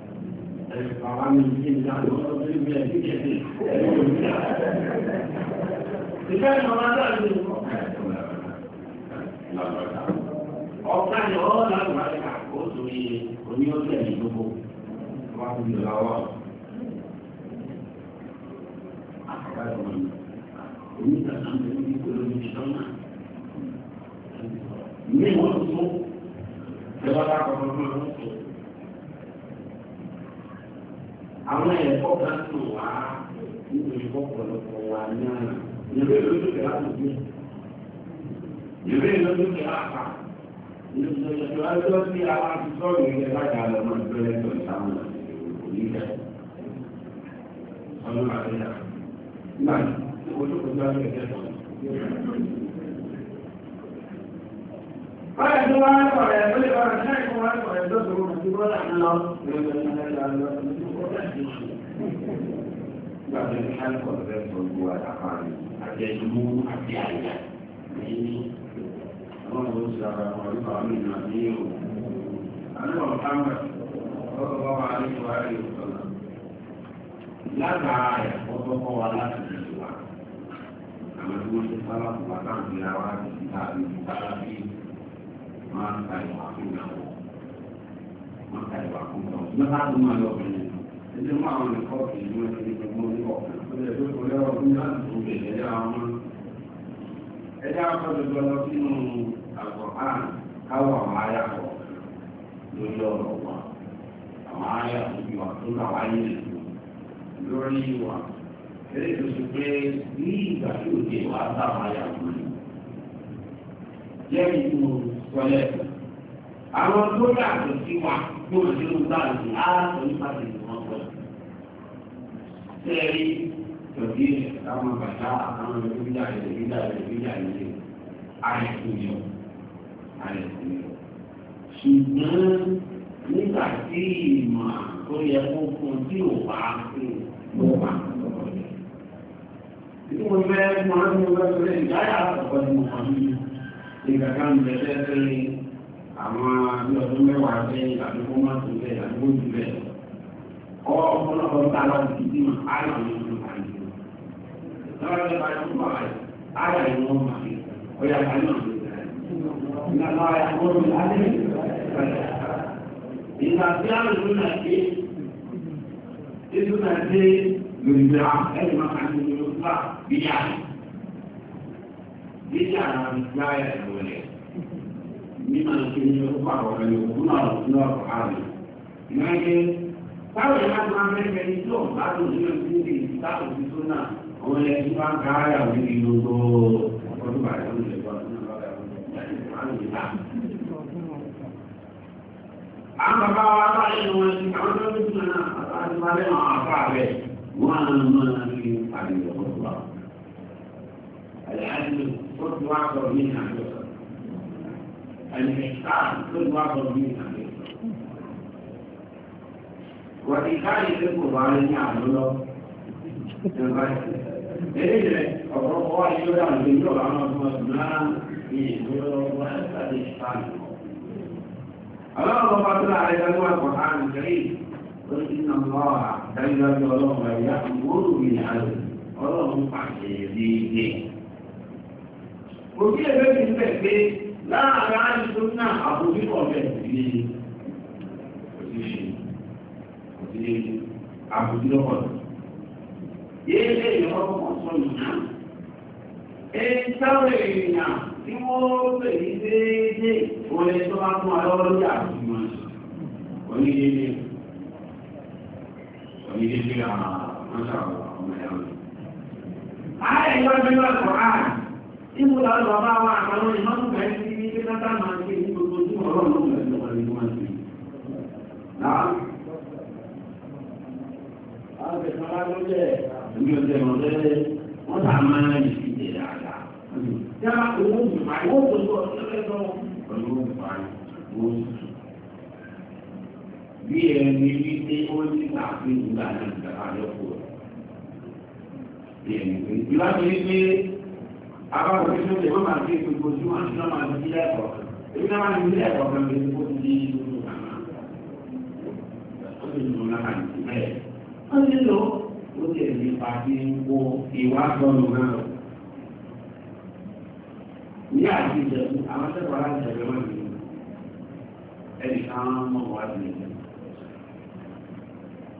bàbá mi ní ìjà tó ń bí mi ẹ̀dí kẹ̀kẹ́ ẹ̀dí òmìnira. ìfẹ́ ìmọ̀lá náà ní ọ̀pá ni ọ̀rọ̀ náà wà ní àwọn ẹ̀kọ́ bá tù wá nínú ẹ̀kọ́ pọ̀lọpọ̀ wà ìwé lójú kẹ́ àtúntò ìwé lójú kẹ́ ìṣòṣòṣò ẹjọ́ tí a wá ti láti àlọ́ mọ́ oníkẹ́ ọlọ́run àti báyìí tó wá ń sọ̀rọ̀ ẹ̀ tó lè bá ọ̀rọ̀ wa láti ìlú wa. Àwọn ti sábà kò bá káàkiri àwọn àti máa ka ìwà fún ìyá wọn máa ka ìwà fún ìyá wọn lọ́wọ́ àti máa lọ bẹ̀rẹ̀ ẹjẹ́ máa wọn kọ́ ìlú ẹ̀sìn ìgbìmọ̀ ní ọ̀kan ó lè tó kọ́ lẹ́wọ́ fún yá tó bẹ̀rẹ̀ ẹ̀yà wọn ẹjẹ́ akọ́jọjọ lọ sínú àgbọ̀ án káwọ̀ àwọn àyà lórí ọ̀rọ̀ wa àwọn àyà tó wà tó kà wáyé lórí wa eré tó ti pé ní ìgbà tí òde wàá bá àwọn àyà wọn lẹ́yìn tó wọlé. Àwọn tó yàtọ̀ sí wa tó ń ṣe ń báyìí á sọ nípa tèmi wọn pọ̀. Sẹ́ẹ̀rí tòbí àwọn bàtà àwọn ìgbìyà ìgbìyà ìgbìyà ìgbìyà àìsùnyọ̀ àìsùnyọ̀. Ṣùgbọ́n nígbà tí ìmọ̀ tó yẹ kó fún tí ò bá fún ló wà lọ́wọ́ rẹ̀. Ìdí mo fẹ́ mọ̀ ọ́n ní ọgbẹ́ ìdáyà ọ̀pọ̀ ni mo kàn mí ìgbàgbà àwọn bí ọdún mẹ́wàá sẹ́yìn àdúgbò má tún bẹ́ẹ̀ àdúgbò jù bẹ́ẹ̀ ọ ọ̀pọ̀lọpọ̀ ta la ti di mọ̀ ayọ̀ ní ojú àyè lọ́wọ́ ẹ̀ bá yọ fún bàbá yìí ayọ̀ níbi àwọn ìgbà ẹ̀rọ rẹ̀ àwọn ọ̀rẹ́ òkú náà lọ́wọ́ ọ̀rọ̀ àrùn. ìgbàgbé táwọn ìlà tó máa fẹ́ fẹ́ tó láti òṣèlú tí ó lè láti òṣèlú tó náà àwọn ilẹ̀ tí wọ́n ká ara òun ní gbogbo ọdún bàtà ó lè gbọ́ àwọn bàbá wa bá nínú wọn ti àwọn tó ń bí wọn náà àti wọn lẹ́nu àwọn àbá rẹ̀ wọ́n á lọ́nà ní àdìyẹ ọ̀pọ̀ àlẹ́ àdìyẹ tó ti wá sọ ní àjọ ẹ̀lẹ́ta tó ti wá sọ ní àjọ wọ́n ti káyé tó kò wá ní àjọ lọ eléyìí rẹ̀ ọ̀pọ̀lọpọ̀ wá ní lórí àwọn ìlú ọ̀rọ̀ àwọn ọmọ ọdún náà ní ìlú ọwọ́ ẹ̀sẹ̀ ìsàlẹ̀ ọlọ́run ọba tó láàrin lọ́wọ́ ẹ̀kọ́ sáàrin kiri ó ti nà mọ́ àdájọ́ ọlọ́run ẹ̀yà ìwúrò ìyá rẹ̀ ọlọ́run pàṣẹ ìdí ìdí kò sí ẹgbẹ́ mi ń bẹ̀ pé láàárọ̀ àìsàn náà àbójútó ọ̀bẹ̀ ìdílé kò sí kò sí àbójútó ọ̀bẹ̀. Ilé ìrọ̀kọ̀ sọ nìyà. Èyí táwọn èèyàn nínú láti bàbá wa àtàwọn ìmọ̀tòkà ẹni tí ní pé tátà máa ń gbé ní gbogbo tí ọ̀rọ̀ ló ń bẹ̀rẹ̀ lọ́wọ́ ní wọ́n ti. Àgbẹ̀sára ló jẹ́ ìgbẹ́ ọjọ́ ìmọ̀lẹ́ wọ́n tà máa ń yìí ṣe dáadáa. Yára owó ìgbà owó tó ń bọ̀ lọ́lẹ́ lọ́wọ́ pẹ̀lú ìgbà owó tuntun. Bí ẹni wí pé ó ní àfihàn ìgbà náà ìjọba yọ̀pọ̀. Ìlànà ìgbé àbáwọ̀ tí ó lè wọ́n máa gbé gbogbo tí wọ́n ti lọ́mọ àti ilé ẹ̀kọ́ èyí náà máa ilé ẹ̀kọ́ kan lè kó ti di ìlú àmà ó sì lò náà àti bẹ́ẹ̀ ó sì lò ó sì lè pàṣẹ wo ìwà sọnù náà ní àti ìjẹ̀bú àwọn akẹ́kọ̀ọ́ láti ṣẹ̀fẹ̀ wọn ni ẹnì kan mọ̀ wá sí ẹ̀jẹ̀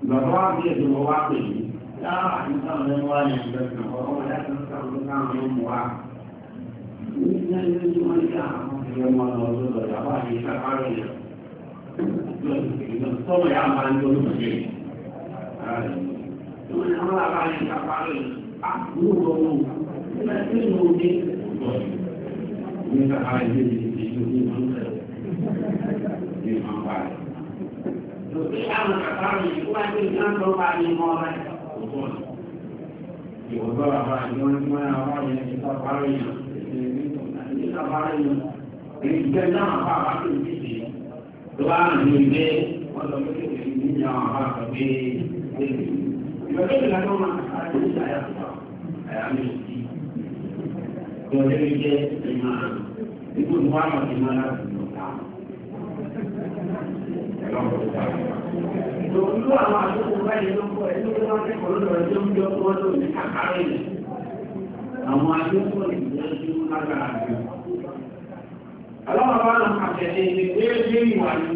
bàbá wa bí ẹ̀jẹ̀ wọn wá pè mí láàrín sáwọn ẹni wá ní ẹgbẹ́ kan ọ̀rọ̀ wọn yá sọ́kàn ló sáwọn ẹni wá. 你现在就是说你讲，这个嘛，这个讲话你看他这个，那那怎么样嘛，就是不行，哎，就是他们那把你讲话的啊，如果那这种的，你看他这这这这地方的，地方快，就这样的他们一般就两手把你摸来，不错，有个办法，你你们要把你你到哪里？ní àwọn àdókò báyìí ló ń Ọlọ́run bá nà àtẹ̀lé ní déédé ìwà ní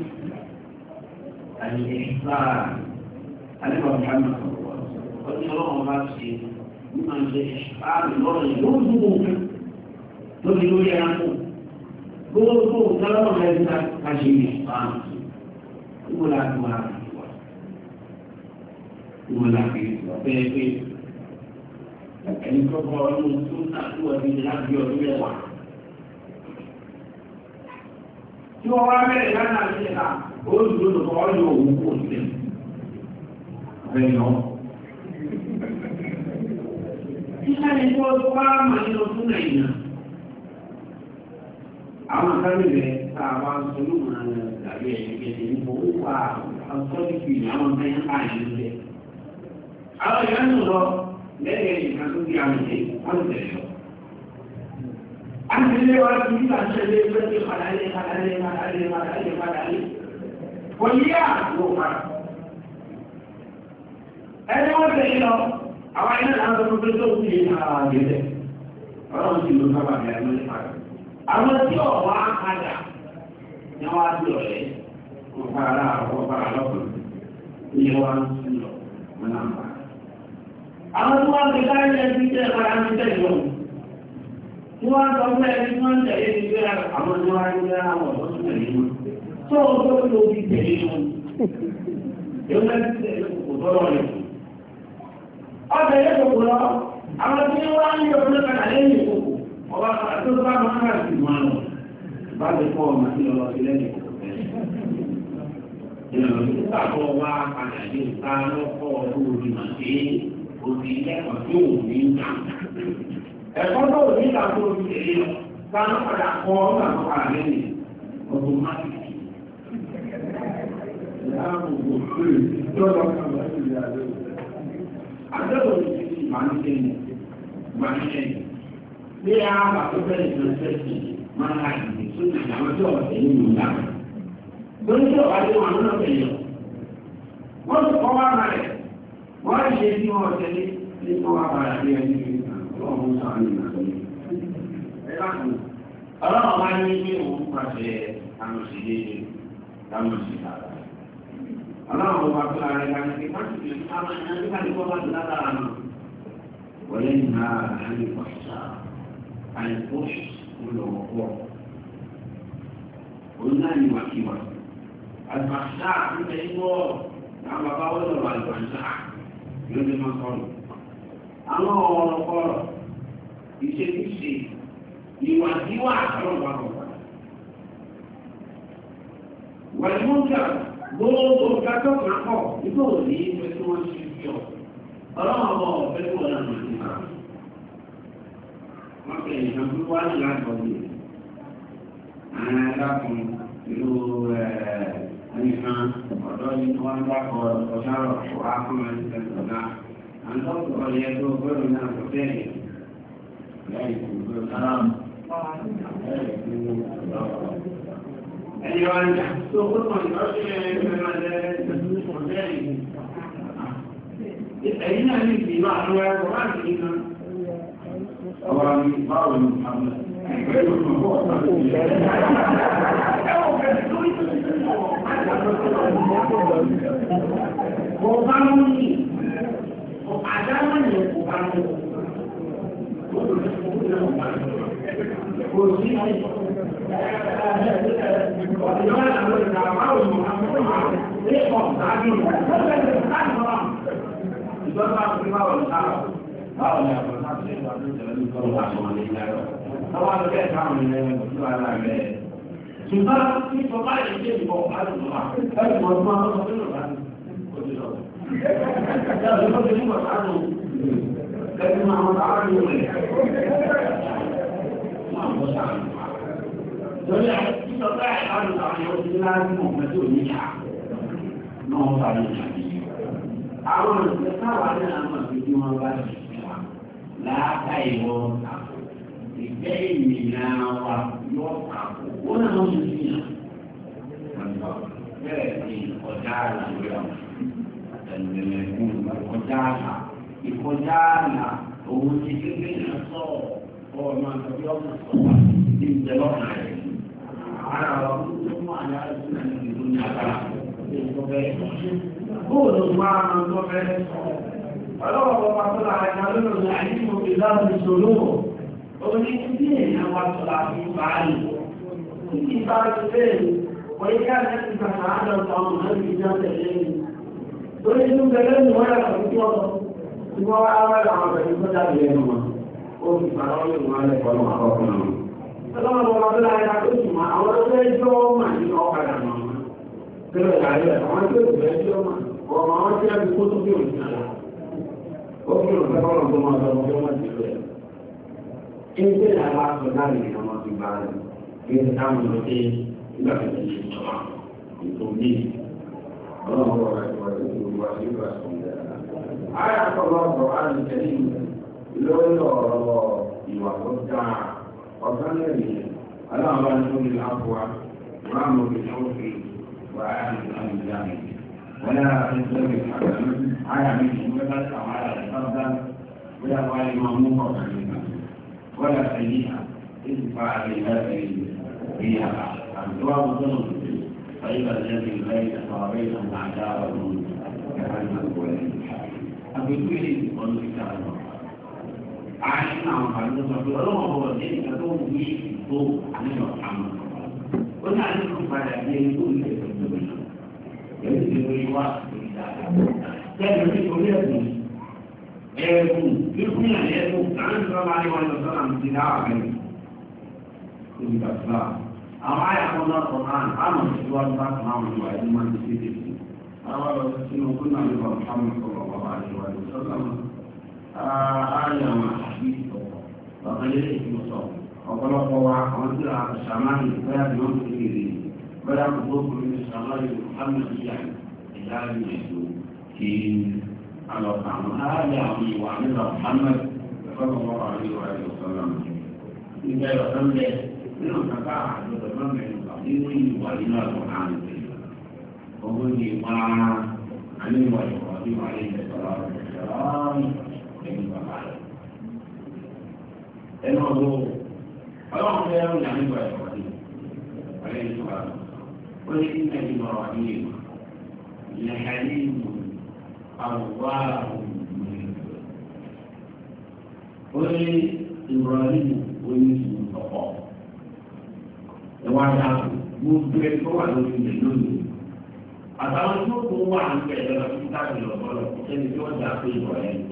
àìlèṣìláàrí. Àlẹ́bà Mùhàmmà ọdún ọlọ́run bá ṣe nígbà ṣe ṣáàrì lọ́rọ̀ yóò mú òfin lórí lórí ẹranko. Gbogbo ìtọ́lọ́rọ̀ lẹ́yìn ká ṣe ní ìṣáàrì. Níbo la tó wà ní ìwà? Níbo la fi ọ̀pẹ́ pé ẹni tó kọ ọdún tó ń tàbí ọdún láti ọdún mẹ́wàá. tí wọ́n wá bẹ̀rẹ̀ lánàá sí ẹ̀ka ó ń dúró lọ́kọ́ ọ́ sílẹ̀ bẹ́ẹ̀ Iṣẹ́ ni kó tó wá mà nínú fún Nàìjíríà. Àwọn akẹ́rìnlẹ̀ tá a wá sọ ní màá nà dàbí ẹ̀yẹ́gẹ́dẹ́ nípa ó wà àtọ́jú àwọn mẹ́rin báyìí lọ́lẹ̀. Àwọn ìyá ń lọ lẹ́yìn ìkàtúndì àmì àtìlẹ́wà tí nígbà ṣẹlẹ̀ pẹ́lú ìpàdàlẹ́ ìpàdàlẹ́ ìpàdàlẹ́ ìpàdàlẹ́ ìpàdàlẹ́ kò yí àgbò pa ẹni wọ́n tẹ̀lé lọ àwọn iná láti ọdún pé tó kí ara gẹ̀ẹ́dẹ̀ ọlọ́run ti ló sábà bẹ̀rẹ̀ lórí padà àwọn tí ọ̀wá padà ni wọ́n á bí ọ̀rẹ́ wọ́n para láàárọ̀ wọ́n para lọ́kùnrin ní wọ́n á sí lọ wọn náà pa àwọn tí wọ́n ti láyé ẹni tẹ́ wọ́n sọ pé àwọn tí wọ́n ń ń yọ ọdún kan lẹ́yìn kòkò ọba àti ọba máa ń rìn wọn lọ. bá mi kọ́ ọmọ sí lọ sí lẹ́yìn kòkò tẹ́lẹ̀. ẹ̀kọ́ tó ní ìtàkùn orí èyí sáà padà kọ́ ọ̀nà tó wà lẹ́yìn ọdún máàkì. Àjọ́dọ̀ ìmọ̀ ní kẹ́yìn, ìmọ̀ ní kẹ́yìn. Bí a bá ọlọ́run sàánì ìrìnàjò ẹ̀láàmù ọlọ́run wá ní ní òun pàṣẹ àmọ̀sílédè lámọ̀sílára ọlọ́run wá tó ara ẹ̀ka ní pé má ti fi àwọn ẹ̀yàn nípa ní kọ́lá ti lára nù wọlé ní ara àní pàṣà àìkú olùwọ̀pọ̀ onínáàní wàkíwà àgbàṣà ń bẹ ní wọ́ọ̀ àwọn bàbá wọ́n lọ́wọ́ àgbàṣà yóò dé máa kọ́ lọ àwọn ọ̀rọ̀ kọ́rọ̀ ìṣekúṣe ìwàdíwà àtọ́wà ọ̀pá. Wàlúùjà gbogbo gbàtọ́ kan kọ̀ nígbà wò ní ìfẹ́ tí wọ́n ṣe jọ. Ọlọ́run ọmọ ọ̀fẹ́ tó wọ́n náà ti kà. Wọ́n fẹ́ ìyẹn kan wá ní lágbọ̀dì. Àwọn alákùn ìlú ẹ̀ẹ́dẹ́gbẹ̀rún ọ̀dọ́ yìí ni wọ́n dákọ̀ ọ̀ṣárọ̀ ọ̀há fún ẹ̀ẹ́dẹ́gbẹ̀rún náà. Àwọn ń sọ̀rọ̀ yẹ tó gbẹ́rù náà kò fẹ́ẹ̀ Ọ̀pá ló ní, ọ̀pá dáwọn ni ọ̀pá ló ní. kò sí ọ̀dìyàn àwọn ìgbàmọ́ àwọn ìgbàmọ́ Ṣùgbọ́n tí sọ bá ìdíje ìbọn àrùn wà, ẹ̀rùn ọdún máa ń sọ nínú ìrànlọ́wọ́. Ìjọba ìjọba ìjọba àrùn kẹ́kẹ́ máa ń sáà ní ìwé máa bọ́ sáà ní ìwà lórí àtúntò bẹ́ẹ̀ láti sàmì oṣù láti mọ̀ pẹ̀lú òníyà náà sàmì ìjàdí àwọn òṣìṣẹ́ sáwà ní àwọn àgbègbè wọn bá ti wà láàbá ìwọ ìgbẹ́ ìmìnira wa yóò kà ó náà wọ́n ti fi hàn bẹ́ẹ̀ ni ọ̀dà àlàyé ọ̀dà ìgbẹ̀lẹ̀ kún ọ̀dà àlàyé ìkọjá àná òun ti kékeré náà sọ ọmọ àtàbí ọmọ sọ̀rọ̀ ní ìjẹlọ́kàn rẹ̀. Ara àwọn tó mú àyà ìsúná ní ìlú ní àgbára ní ìtọ́fẹ́. Bóòlù máa ń tọ́fẹ́ sọ. Ọlọ́wọ́ bọ́ba tó la ẹ̀ka lónìí ní àyè ìmọ̀ ìlànà ìṣòro. Oní tí èèyàn wa sọ la fi báyìí. Títí bá ti bẹ́ẹ̀ wọ́n yá láti bàtà ti já tẹ̀lé mi. Lórí tí wọ́n wá wá àwọn ọ̀sẹ̀ tó jáde lẹ́nu wọn ó fi pàdánù ìlú wọn lẹ́kọ̀ọ́ lọ́wọ́ àkọ́kọ́ náà. Tọ́lọ́mọ ọmọ ọmọ ọdún ayẹyẹ tó sì máa àwọn ọdún ẹjọ́ mà ní ọ̀kadà mọ̀ wọn. Tẹ́lẹ̀ ìdájọ́ àwọn tó sì fẹ́ ẹjọ́ mà ọmọ àwọn tí a fi kó tó bí òun sí àlá. Ó fi òun fẹ́ kọ́lọ̀ tó máa dọ̀mọ́ tó máa ti rẹ̀. Ẹgbẹ́ ìlànà aṣọ láàrin ìrànwọ́ ti àyàtọ̀ lọ́wọ́ àlùkẹ́yìn lórí ọ̀rọ̀ ìwà tó dáa ọ̀sán lẹ́yìn aláàbá lórí àpòwà ráàmù ìṣòfin wà áyàtọ̀ àlùjáde wọ́n yára fi sẹ́yìn àgbẹ̀mí àyàmí ìṣúgbẹ́ láti àwọn àyàtọ̀ sábà bóyá wáyé máa mú àgbégbélé ọ̀nà ìta lọ. àárín àwọn àǹfààní tó sọ pé ọlọ́wọ́n bọ̀ ní ìgbà tó ń wí ìgbó àníyàn àmọ́. ó ní àdínkù padà ní ẹni tó ń lè tẹ̀lé mi. èyí ti wọ́n wá ìdájọ́ ní orí ẹ̀bùn ẹ̀bùn fífún yàn ẹ̀bùn láti sọ máa ní wọn lọ sọ́nà ti dá àgbẹ̀ olùdàgbà àwọn àyàkọ́ náà sọ̀rọ̀ àmọ̀ síwájú láti máa wọ̀ ìwà ìdí máa ń ṣe é àwọn ọ̀rọ̀ sínú kúnnà nípa ọ̀hánmọ̀ sọ̀rọ̀ عليه وسلم آية وحديث وغيره مصاب ọ̀pọ̀lọpọ̀ wa àwọn tí a ṣàmáyé bẹ́ẹ̀ ni wọ́n ti rí rí bẹ́ẹ̀ kò tó kún ní ṣàmáyé muhammed yá ìyá rẹ̀ ètò kí alọ́ta àwọn aráàlú àwọn ìwà nílò muhammed fọ́nà wọn wà ní ìwà ìwà sọ́nà mi. ìgbà ìwà tó ń bẹ nínú kàkà àjọ ìwà mẹ́rin nínú ìwà nínú àgbọ̀n àrùn ọgbọ́n ni ìwà عليم وإبراهيم عليه الصلاة والسلام كيف فعل الموضوع فلما كان عليم وإبراهيم عليه الصلاة والسلام ولكن إبراهيم لحليم أواه منيب إبراهيم ويوسف الصفاء. Ìwádìí àpò, mo bẹ̀rẹ̀ tó àtàwọn tí ó kó wà nípa ẹ̀rọ títàbí lọ́pọ̀lọ́ ẹni tí wọ́n dà pé ìwọ̀ ẹni.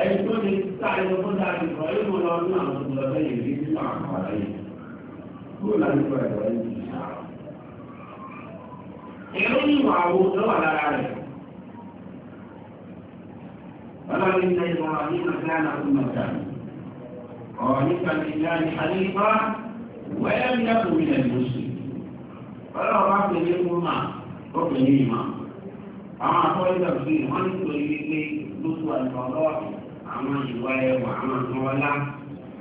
ẹni tó lè títàbí lọ́pọ̀lọ́ àti ìwọ̀ ẹni lọ ní àwọn tó lọ bẹ́ẹ̀ yìí nínú àwọn àlàyé kúrò lánípa ẹ̀rọ ẹni tó ṣá. ẹ̀rọ ìwà àwo ló wà lára rẹ̀. bàbá mi ní ẹ̀rọ àní màgánà fún màgánà. ọ̀rọ̀ nípa ìlànà àlè ọlọ́run bá pè ní kúrúmà ó pè ní ìmọ̀ àwọn akọ́lẹ́dà sí wọ́n ní pé wípé lóṣù àìsànlọ́ àwọn ìwà ẹwà àwọn àtúnwọlá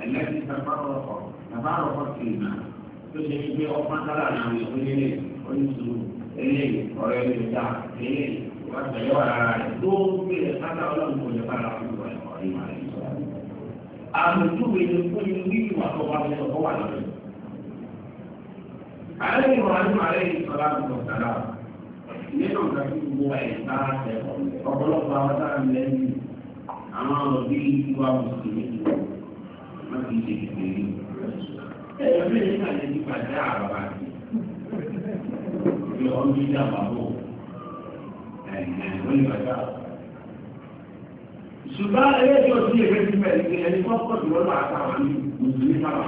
ẹlẹ́sìn sàbárọ̀kọ̀ sàbárọ̀kọ̀ sí ìmọ̀ tó ṣe wípé ọpọ́n sára àwọn ìpínlẹ̀ oníṣòwò eléyìí ọ̀rọ̀ ẹni ìjà eléyìí wọ́n tẹ̀yẹ́ wà lára rẹ̀ tó gbé ẹ̀ sátá ọlọ́run kò lè padà fún ìwà ẹ̀kọ́ ìmọ̀ rẹ̀. àmì ààrẹ ìmọ̀ràn ààrẹ ìsọ̀rọ̀ àbùkù sàrà nínú nǹkan tí gbogbo ẹ̀ka ọ̀pọ̀lọpọ̀ àwọn tá à ń lẹ́yìn àwọn ọ̀rọ̀ bí ìwà mùsùlùmí wọn ti ṣe ìgbèrè. ẹ̀yọ́ bí ẹni náà lè ti pàdé àràbà sí ìyọ̀ ọdún ìjà bàbá ò ẹ̀yìn ló lè pàdé àràbà. ṣùgbọ́n ẹlẹ́jọ́ sí ẹgbẹ́ ti bẹ̀rẹ̀ ẹni kọ́kọ́ ìwọ́n máa ta àwọn mùsùlùmí máa wà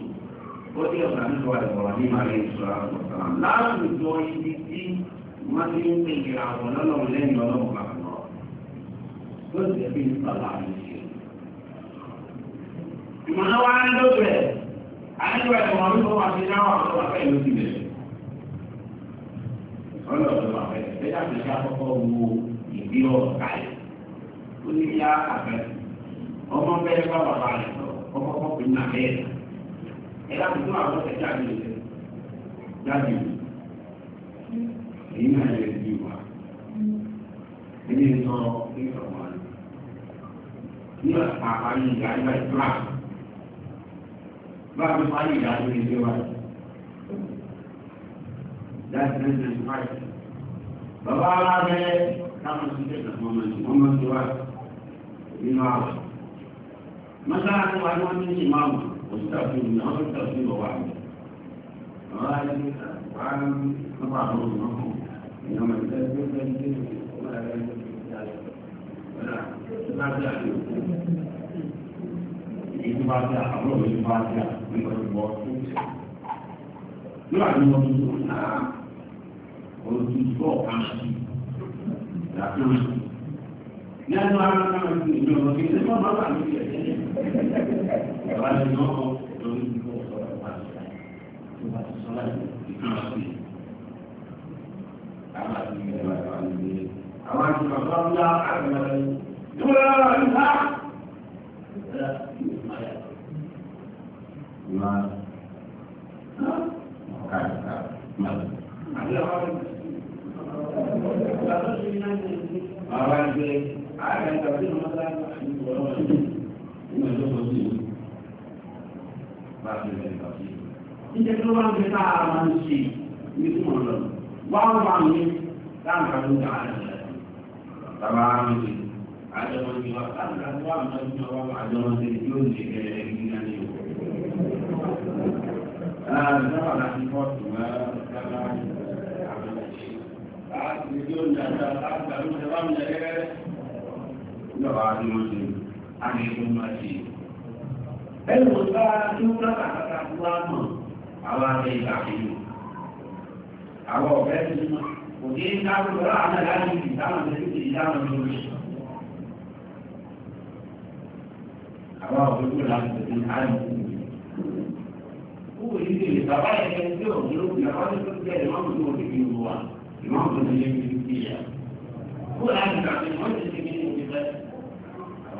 ó jẹ́ ọ̀nà nípa ìwọ̀n ní màrí ìṣòro àwọn ọ̀sán láwùjọ ibi tí wọ́n ti ń pè é àwọn ọlọ́run lẹ́yìn ọlọ́run kan lọ tó ti fi ń sọ̀rọ̀ àwọn ìṣe. ìmọ̀nà wa ń lóbẹ̀ àyẹ̀wò ẹ̀wọ̀n mi kò wá sí náà àwọn ọ̀fẹ́ ìlú ti bẹ̀rẹ̀. ọlọ́run wà fẹ́ ẹ láti ṣe àkọ́kọ́ wo ìbí ọ̀rọ̀ káyọ̀ ó ní yá àfẹ́ ọmọ bẹ́ẹ̀ bá bàbá rẹ̀ lọ ọmọ kọ́kùnrin náà bẹ́ẹ̀ ẹ láti fún àwọn ọ̀sẹ̀ jáde rẹ̀ jáde rẹ̀ èyí náà yẹ bí wa ẹni sọ ní ọ̀wá ní àpárí ìyá ìgbà ìtura bá a fi parí ìyá ìgbà ìtura láti ní ìgbà ìtura bàbá aláàbẹ̀ táwọn ti tẹ̀ tẹ̀ wọ́n mọ̀ wọ́n mọ̀ sí wa nínú àwọn mọ́tàlá tí wọ́n ti ní ìmáàmù òṣìṣàfihàn àwọn òṣìṣàfihàn lọ wà ní àwọn ayé ní nípa àwọn òṣìṣàfihàn ní ọmọ ìṣẹ́ tó fẹ́ ní ọmọ ẹ̀rẹ́ ní ìgbà tí a àwọn òṣìṣẹ́ bá tí a nípa ìwọ tó ń ṣe. Nígbà tí wọ́n tún sọ náà, òṣìṣẹ́ ọ̀kan sí i, ìyàtọ̀ ìṣẹ́ nínú ara náà ti ìlú ọ̀rọ̀ kí ní wọ́n máa wà ní ìrẹ̀lẹ̀ yẹn wà ní ọkọ̀ lórí ìlú ọ̀rọ̀ wà ní ìsọ̀rọ̀ ìkànnì sí àwọn àti ìrẹ̀lẹ̀ wà wà ní ilé àwọn àti bàbá ńlá àgbẹ̀rẹ̀ dúró lọ́wọ́ nípa ìwà ọ̀ka ìta mọ́lẹ̀. Àwọn àgbẹ̀ Níjẹ́ tó bá ń fi táà máa ń ṣe ní fún ọ̀nà wá wà ní láàrín àwọn ọjà àjẹ́ bàbá àmì àjọmọ̀ ní wà láàrín àwọn àmì àwọn àjọmọ̀ tí ó ń ṣe gẹ̀rẹ̀ ní ìrìnàjò. Láàrín àwọn àti fọ́ọ̀tù wá lára àwọn àjẹ́ àti tí ó ń dàgbà láàrín àwọn àjẹ́ ìjọba ni àmì ìlú máa ṣe. tí wọn bá kàkàtà tó wá mọ̀ àwọn àmì ìgbà àwọn ọ̀fẹ́ ti mọ̀ kò ní káàkiri àwọn aláàbí ìdáhùn tó ti ìdáhùn tó àwọn ọ̀fẹ́ tó láti tẹ̀lé àyè kúrò nílé bàbá ẹ̀kẹ́ tí ò ní lókè àwọn tó ti bẹ̀rẹ̀ wọn kò tó ti fi wù wá ìwọ̀n tó ti lé ní ìyá. kúrò láti kàkiri wọ́n ti ti fi ní ìfẹ́.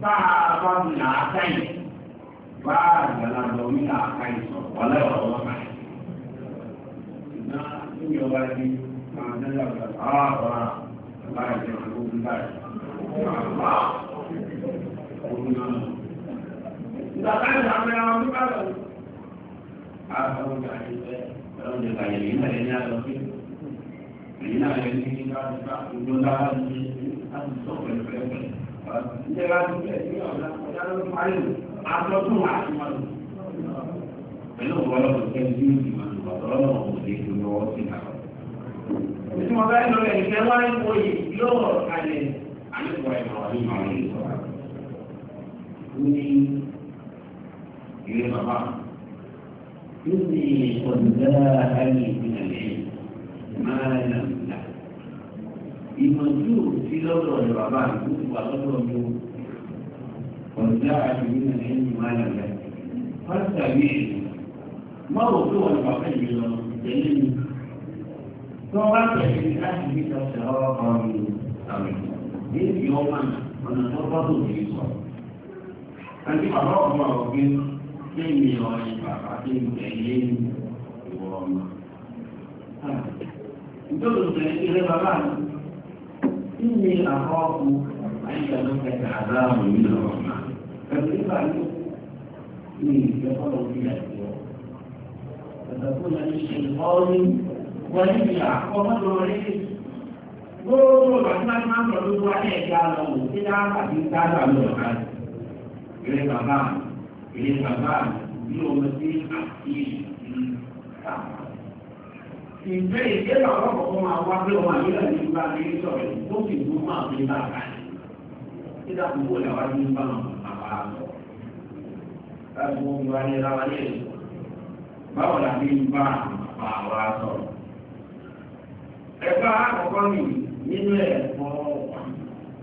tá a bá ń là bá àgbàlagbà omi là á káyìn sọ wọlé ọ̀rọ̀ wọn káyìn. ìná níbi ọba ti máa ń lọ sí àwọn ọba ìjọ ah, ogun báyìí. Ìgbà táyà sàmì àwọn ọdún bá lọ. Àwọn ọmọ ìgbà yìí bẹ́ẹ̀ lọ́wọ́ ìgbà yìí ní ẹ̀yìn àlọ́ sí. Èyí náà lè ní ìgbà tó bá ìjọba á ń sọ pẹ̀lú pẹ̀lú pẹ̀lú ìjẹba tó bẹ̀ sí ọ̀dà ọ̀dà ló parí àtọ́tún àtúmọ̀lù. pẹ̀lú ọ̀pọ̀lọpọ̀ kẹ́ni tí ó ti máa lò ọ̀pọ̀lọpọ̀ kò lè fi lọ́wọ́ sí àkọ́. ètò ọ̀gá ìlọ rẹ̀ ìfẹ́ wá ipò yìí yóò kalẹ̀ àyẹ̀wò ẹ̀rọ ìmọ̀ ìsọ̀rọ̀. ó ní ilé bàbá إني قد جاءني من العلم ما لم له. Ìmọ̀jú sí lọ́dọ̀ ọ̀dọ̀ bàbá àdúgbò gbà lọ́dọ̀ mi o máa nà lẹ́ pásítà mi èyí má wò pé wọn bàbá yìí lọ mi tó wá tẹ̀lé láti fi ṣọṣẹ ọ̀rọ̀ kan mi sàmì èyí ọmọ ọ̀nà tó bá tó ti sọ. àti bàbá ọmọ ọ̀gbìn kí ni ọ̀rẹ́ bàbá kí ni mi ìwọ ọmọ. ìjọba ìṣẹ̀lẹ̀ bàbá mi kí ni àkọ́kù. عند مكة عذاب من الرحمة فكيف عليك يقول في فتكون للشيطان وليا وقد وليت gbogbo ìgbàgbọ́n máa ń lọ lójú wa ní ẹ̀ka lọ wò sí dáhà tí ń dáhà lọ rà á. Ìrẹ́ bàbá ìrẹ́ bàbá bí omi sí àti ìta. Ìgbé ìgbé bàbá kọ̀ọ̀kan máa wá pé ọmọ àyíká ní ìgbà ní sọ̀rọ̀ tó sì mú máa fi bá a kàlẹ̀ sídà púpọ̀ làwọn ní bá àpapọ̀ láti wọ́n fi wá ní ra wa lẹ́yìn báwo la fi ń bá àpapọ̀ wa sọ̀rọ̀. ẹ̀ka àkọ́kọ́ mi nínú ẹ̀kọ́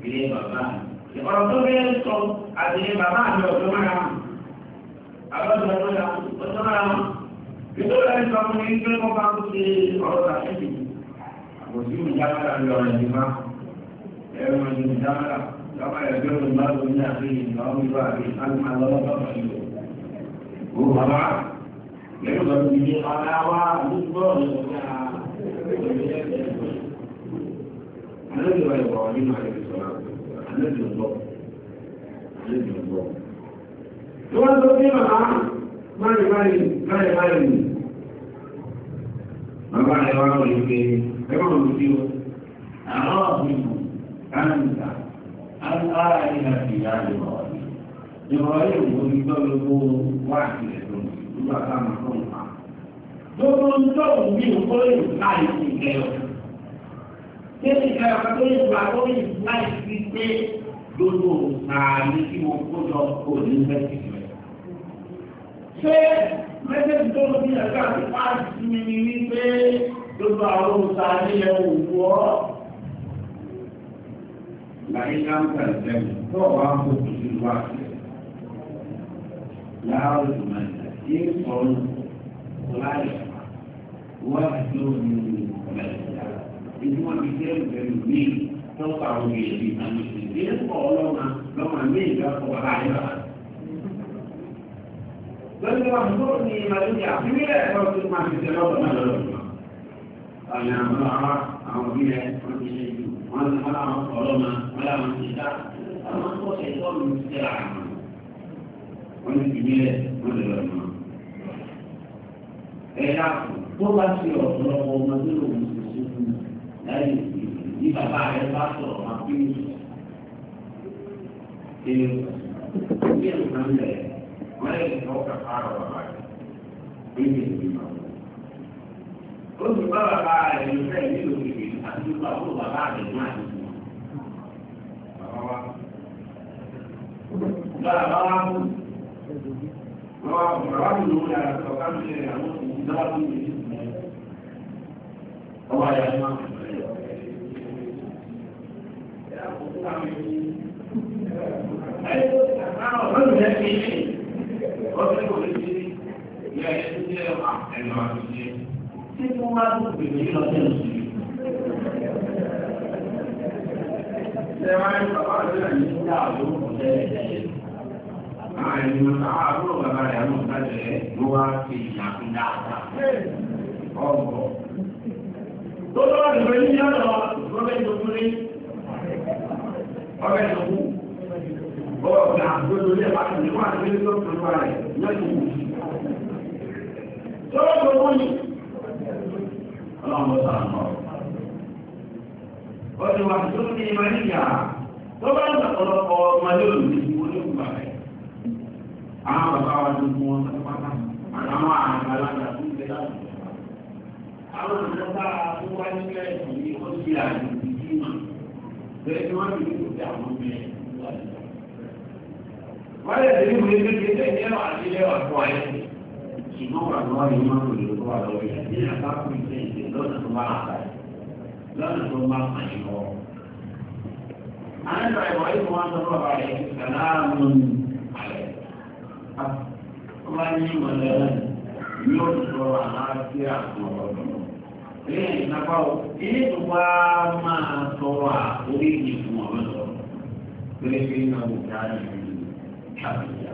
ilé bàbá ọ̀rọ̀ tó bẹ́ẹ̀ sọ àtìlẹ́ bàbá mi ọ̀dọ́ mára mọ̀ àbọ̀dọ̀ ọ̀dọ́ mára mọ̀ nítorí ẹni sọ fún mi pé wọ́n bá ń ṣe ọ̀rọ̀ tàbí àbòsí ìjábára lọ́rọ̀ ìdí máa ẹ̀rọ ìjábára. كما يجوز المال من أخيه وأم فاعله أن على ربه هو طبعا يقدر به قناوة مضبوط النبي إبراهيم عليه الصلاة والسلام النبي الله النبي الله ثم تقيم معه ما يبالي ما يبالي ما بعد يوم يمكن كما نقول àwọn ọ̀gbìn àmì ìgbà ara ẹni náà ti yá yìí ń borí gbọ́ gbogbo wá ìrẹ̀ tó ń gbà tó ń pa. Gbogbo ń tọ́ òun bí òun kọ́ lóyún láì sí ìkẹyọ̀. Kéde tó lè gbà pé gbogbo ààrẹ tí mo kó lọ kò ní fẹ́ sí rẹ̀. Ṣé mẹ́tẹ́ẹ̀tì tó lóbi ẹ̀ka àti pàṣẹ mi ni wípé gbogbo àwọn òṣàlẹ̀ yẹn ò لئن لم تلتزم تعرف في الوقت لا رجمن يدخل ولا يسمع وحده من ìdúró ti jẹ́ ìbẹ̀rù ní tọ́ka àwọn èèyàn àmì ìdílé pọ̀ ọlọ́mà lọ́mà ní ìgbà pọ̀ bàbá yẹn bàbá. lọ́jọ́ wa tó ní ìmọ̀lẹ́bí àfihàn ẹ̀rọ tó máa ti tẹ̀lé ọ̀dọ̀ náà lọ́dọ̀ ọ̀nà àwọn ará àwọn òbí rẹ̀ wọ́n ti ṣe ìlú wọ́n ti wọ́n láwọn wọ́n lè lọ mọ́. ẹ̀yà tó bá ti ọ̀pọ̀lọpọ̀ ọmọ tó lò wọ́n ti ṣe fún láyé ní bàbá rẹ̀ bá sọ̀rọ̀ máa fi ń sùn. ṣé o bí ẹ̀rù kan wọ́n lè sọ ọ́ kàkà rọ̀ bàbá rẹ̀ ó bàbá rẹ̀ ló fẹ́ nílò bèbè àti nípa ó bàbá rẹ̀ ní àdúgbò. Bàbá wa. Bàbá wa mú. Bàbá wa bàbá mi lòun yàrá sọ ká mi lè àwọn òkú náà ló lè ní ìsìn. Ọwọ́ ayé ayé máa ń fẹ́. Ẹ̀yà kò kó ká ní. Ẹ̀yà ẹ̀ ti jẹ́ ẹ̀rọ àti ẹ̀rọ àti tí mo máa ń pè ní lọ́sẹ̀ lọ́sẹ̀. Ṣé wá ní bàbá rẹ̀ ní ìdá àbúrò ọ̀sẹ̀ ẹ̀jẹ̀? Àwọn ènìyàn náà àbúrò bàbá rẹ̀ àwọn ọ̀gájọ́ ló wá fi ìyàkùn dáadáa. Ọ̀bọ̀. Tó lọ́wọ́ ìgbẹ́ ní yọ̀nà ọ̀bẹ tuntun ní ọ̀bẹ tuntun. Bọ́ọ̀ ọ̀gá àgbẹ̀dọ̀ ilé ìbáṣe ní àti ilé tó tó lọ́wọ́ rẹ̀ lọ́sẹ̀ yìí. Tó ọlọ́run ló sàn lọ. ó ti wà tó ní ìmọ̀lẹ́yà tó bá ń sọ̀tọ̀lọpọ̀ ọmọdé òní onígbà rẹ̀. àwọn bàbá wa ti mú wọn sọ́kọ́ pátá àwọn àgbàlagbà tó ń bẹ láti sọ̀rọ̀. àwọn ìjọba tó wọ́n lè dé ìwé kékeré ẹ̀yẹ́ wà nílẹ̀ ọ̀dọ́ ayé ìmọ̀ wà lọ́wọ́ yìí máa ń lò lọ́wọ́ àlọ́wọ́ yìí àti àbá kù ìfẹ̀yìntì lọ́nà tó máa ta lọ́nà tó máa pa yìí lọ. Àlejò àìwọ̀ yìí wọ́n sọ fún ọba rẹ̀ kàlá àmú àlẹ́. Ọba ní ìmọ̀lẹ́ yóò sọ àlàáfíà lọ́wọ́ lọ́wọ́. Lẹ́yìn ìnáwó ilé tó wá máa sọ wà orí ìdìbò ọ̀rọ̀ sọ̀rọ̀. Pélépélé náà wò dáa ní ìlú Ṣàbíyá.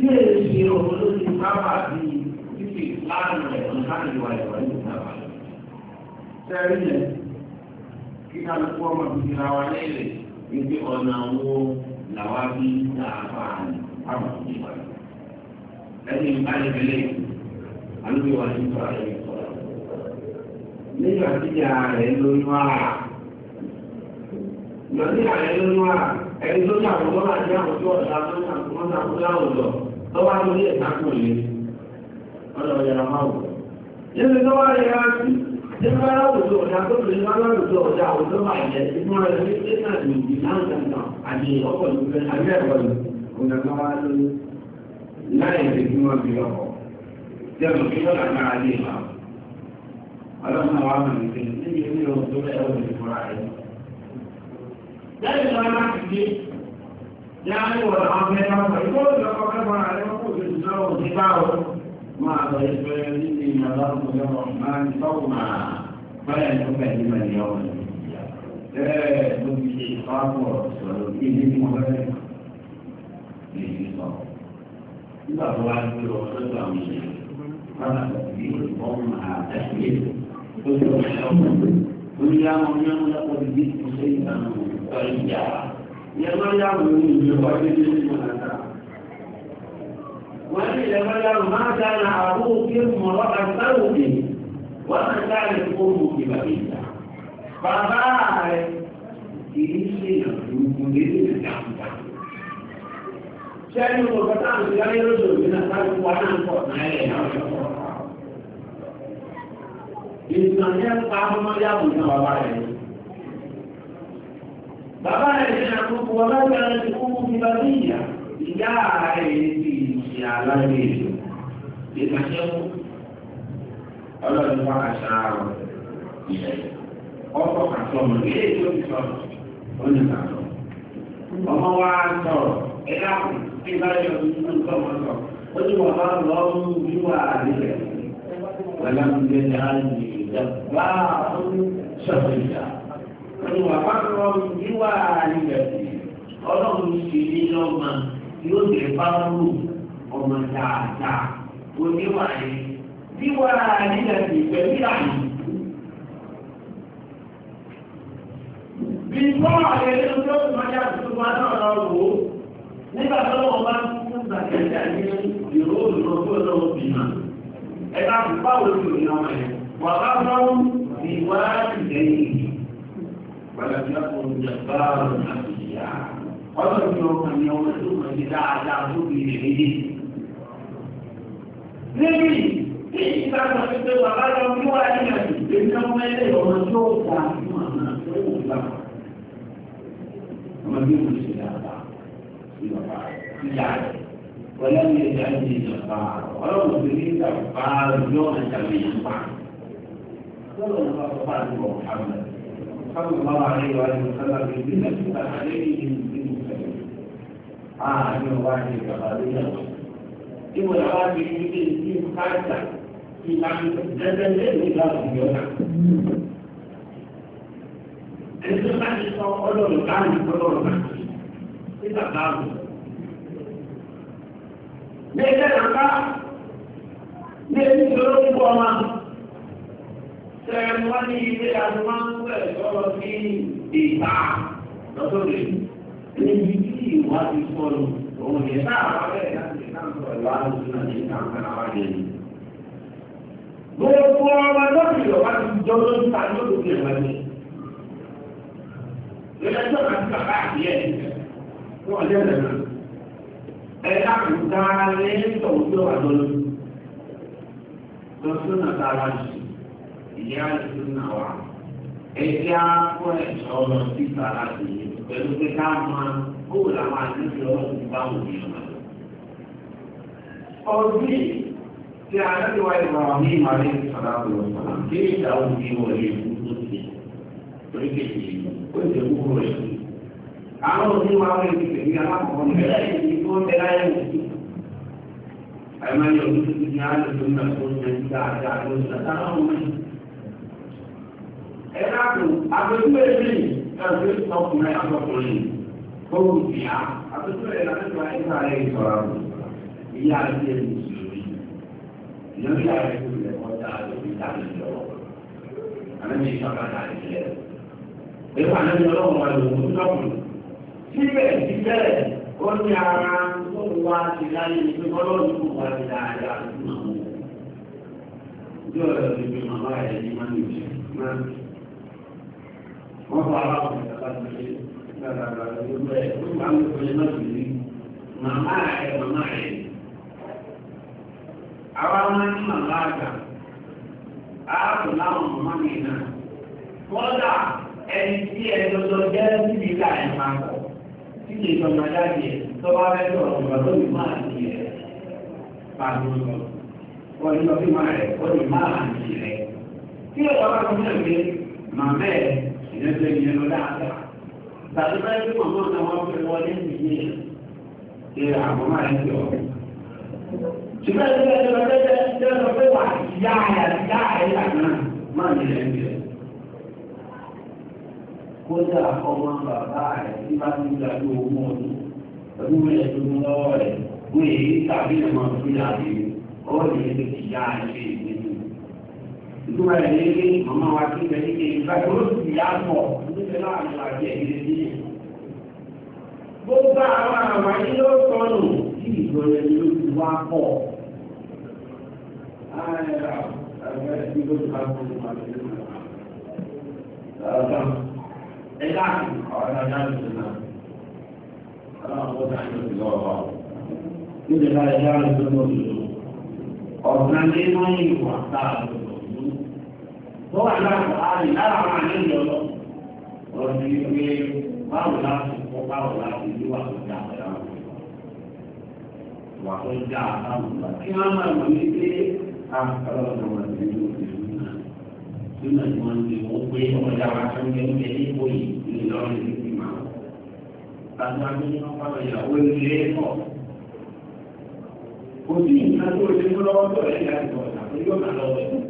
tí èyí òun ló ti sábà bí títí láàrin ẹ̀kọ́ láàrin ìwà ìwà ìlú sábà. Sẹ́rí yẹn, kí kálukú ọmọ tuntun ra wa léèrè wípé ọ̀nà wo làwa bí dáadáa ní àwọn òbí wa. Ẹni ìbánibẹ̀lẹ̀ àlùbí wa ní sọ̀rọ̀ ẹ̀yìn sọ̀rọ̀. Nígbà tí ìyá rẹ̀ lóyún àrà, ìgbà tí ìyá rẹ̀ lóyún àrà, ẹni tó ṣàkóso àti àkóso ọ̀dà tó ṣàkóso àkóso àwùjọ tọ́wá lórí ẹ̀ká kò lè ọ̀dọ̀ ọ̀yàrá máa wù. Nínú tọ́wá lè rá sí, nípa aláwùjọ ọ̀dà tó lè rá láwùjọ ọ̀dà àwùjọ máa jẹ inú rẹ̀ ní ẹ̀ka láàrin wọ̀n àwọn mẹ́ta ọ̀pọ̀ ìgbóòrò lọ́kọ̀ kẹfà àrẹ́wọ̀n kò sí ìṣòro nípa ọ̀ máa lọ ìfẹ́ nílé ìyàwó ọmọ máa ń tọ́wọ́ máa báyà ní ọgbà ìlú mẹ́rin ọmọ bẹ́ẹ̀ ló fi ṣe ìfọ́pọ̀ sọ̀rọ̀ bí ilé ní wọn bẹ́ẹ̀ lè fi sọ. nígbà tó wá ní lọ sọ́dọ̀ àwọn èèyàn wọn àti bí olùkọ́mù àtàkùn èèyàn tó sọ̀rọ̀ ẹ̀rọ yẹmọ́yàwó ní ìlú ọdíjé ní mọ̀láta wọ́n ní yẹmọ́yàwó máa dára àbúrò kí mọ̀lọ́ àtàrò ní wọ́n máa dára ìfowó ìgbà ìgbà bàbá rẹ̀ kì í ṣe ìrìnkú nínú ìjàmbá sẹ́yìn mo bàtà àti láyé ẹ̀ náà ṣọ̀rọ̀ ìtàn yẹn rẹ̀ bàbá rẹ̀ ṣe àkókò ọlọ́gbẹ̀rẹ̀ ti kú fún ìgbà ní ìyà ìyá rẹ̀ ti ṣe aláìlè ìlú ìgbàṣẹ́kù ọlọ́dún wá àṣà rọ̀ ilẹ̀ ọkọ̀ àtọ́mọ̀ ilé tó pẹ̀lú àpapọ̀ ìwà àlìyẹ̀ ọlọ́run ṣe ní lọ́mọ yóò lè bá wù ọmọ dáadáa oníwà yẹn wíwà àlìyẹ̀ pẹ̀lú àyè. bí àyẹ̀lẹ́ tó ń mọ́jà tó náà lọ wò ó nígbà tó lọ́wọ́ bá ń gbàgbẹ́jà ní ìró òdòdó lọ́wọ́ bìnnà ẹ̀ka báwo ló ń yọ̀ yẹn wà bá wọn ìwà jàbáàrò láti yá ọlọ́run ní ọkàn ní ọmọ tó kàn ní dáadáa tó fi rè é dé. níbi tí ìtàkùn ti pé bàbá yọ bí wàá ní àdìgbé náà mẹ́lẹ̀ ọmọ tó kà fún àmà tó wù bá. ọmọ bí mo ṣe dáadáa sí bàbá ìyá rẹ̀ wọlé mi ìjà ń di jàbáàrò ọlọ́run ti ní jàbáàrò yọ̀ọ́ ìjà mi yẹn pa. lọ́wọ́ ìjọba ọ̀pá àti ọ̀pá mi. صلى الله عليه وآله وسلم بنفس عليهم بالمسلمين عن الله كفارية إبو العربي يمكن في حتى في عن جدل لله يوم Ẹjọ́ máa ń sọ ọlọ́run láàrin ọlọ́run náà nígbà báàmù. Ní ẹgbẹ́ nàká, ní ẹni tí olóògbé ọmọ tẹ̀rù wá ní ilé àti máa ń pẹ̀ sọ́rọ̀ sí ìta lọ́sọ̀rọ̀ níbi tí ìwádìí sọ̀rọ̀ òun yẹn náà wá bẹ̀rẹ̀ láti káńtọ̀ ẹ̀lá lóṣù náà ní káńtọ̀ náà wáyé ni. Gbogbo ọmọ lọ́sì ìjọba ti jọ lójú ta ní òkú ìwà ni. Lẹ́lẹ́jọ́ náà ti bàbá àti ẹ̀ fún ọjọ́ ìrẹ̀lẹ̀. Ẹ dákun dáa lé tọ̀wọ́ tí ó wà lọ́lọ́. Lọ́sọ̀nà tá a wá jù ìyá ìlú náà wà. Ẹgbẹ́ akọ ẹ̀ṣọ́ lọ sí sàrà yìí pẹ̀lú pé ká máa kóò làwọn àdúgbò ọ̀hún bá wò ní ọ̀nà. Ọdún tí a lọ́dún wáyé wà ní ìmọ̀lẹ́ ìsọ̀rọ̀ àbúrò sọ̀rọ̀ kí ìdáwó ní wọlé ìlú tó ti torí kejì ó ti kúkú rẹ̀. Àwọn onímọ̀ àwọn ènìyàn ní alákọ̀ọ́ ní bẹ́ẹ̀ láyé ní wọ́n bẹ́ẹ̀ láyé wò sí. Àìmọye òdúdú ti ní àlùfẹ́ náà tó ń yẹn ẹ̀ka kù àpèjúwe mi ẹ̀rọ ọkùnrin àtọkùnrin kóòtù ìyá àpèjúwe ìlànà ìgbà rẹ̀ sọ̀rọ̀ àbò ìyá àti ẹ̀rù mùsùlùmí ìyọ́nù ìyá rẹ̀ kò lè kọ́ dáa lórí dáàbò lọ́wọ́ àlejò ìṣàkà dáa ìṣẹ̀lẹ̀ ẹ̀rọ àlejò ọlọ́wọ́ wọn lò wọ́n tọ́kùn síbẹ̀ síbẹ̀ ó ní ara tó wá sí láyé ìgbẹ́kọ́ lọ́dún tó wá sí dáadáa lójú ọ̀rọ̀ ìgbìmọ̀ báyìí ní máa ń wọ́n fọ àwọn ọmọ ìjọba ti ṣe gbàgbàgbà gbogbo ẹ̀ wọ́n máa ń lò pé má sì rí màmá ẹ̀ màmá ẹ̀. àwa máa ń ní màmá àgbà ààbò láwọn màmá mi náà kọ́dà ẹni tí ẹ lọ́jọ́ jẹ́ níbi ìlà ẹ̀ máa kọ̀ tí kì í sọ máa jáde ẹ̀ tọ́ba fẹ́ sọ̀rọ̀ ìgbà tó ní máa ní ẹ̀ máa ló lọ. wọ́n ní ìyẹn tó lọ dáadáa tàbí báyìí tí màmá náà wọ́n fẹ́ wọlé nìyẹn ṣe àwọn máa ń jọ. ṣùgbọ́n ìdílé ẹni lọ bẹ́ẹ̀ jẹ́ lọ pé wà yá àyà yá àyà náà máa ń yẹ ẹ̀ kódà ọmọ bàbá rẹ̀ tí bá ti gba ní ogún ọdún pẹ̀lú rẹ̀ tó ń lọ́wọ́ rẹ̀ wọ́n èyí tàbí ẹ̀ ìtura rẹ̀ ní ilé màmá wa ti bẹ̀ ní kéde bá tó pọ̀ níṣẹ́ láàrin àti ẹ̀yìn ní. gbogbo àwọn àwáyé ló sọnù tí ìjọ rẹ̀ ló ti wá pọ̀. Ẹ̀ka ọ̀rọ̀ náà dáhùn sí táàbù tó wà láàrín lọ́wọ́ tó ẹ̀yà ìgbọ̀n àti yóò máa lọ́wọ́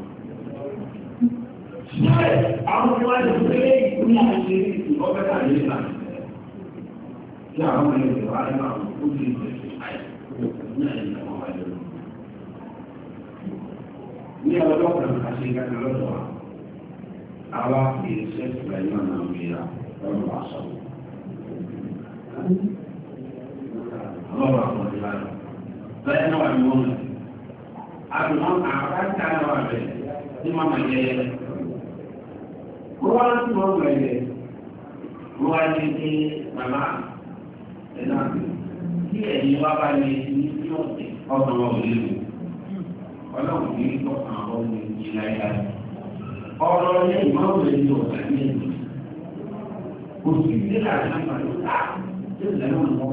síbẹ̀ àwọn tí wọ́n ti fi lé ìpín àṣẹ ìgbọ́fẹ́ tàbí ìlà tí àwọn ọmọ ilẹ̀ wà ní àwọn tó ti ń bẹ̀rẹ̀ àìsàn ní àyè àwọn àjọ ní ọjọ́ kan àṣẹ ìgbàgbọ́ lọ́dọ̀ wa àwa fi ṣe ìgbà yìí wọn náà mo wá sí mọ́ gbẹ̀lẹ̀ mo wá ní pé màmá ẹ̀ náà kí ẹ̀yin wá bá lè ní ní ọ̀sẹ̀ ọ̀sán wọn ò lè lò ọlọ́run ní ọ̀sán wọn ò lè ní láíláí ọ̀rọ̀ ní ìmọ̀wé ní ọ̀sán ní ẹ̀mí kò sí ilé làwọn àgbà ló ta ṣé ìlànà ń bọ̀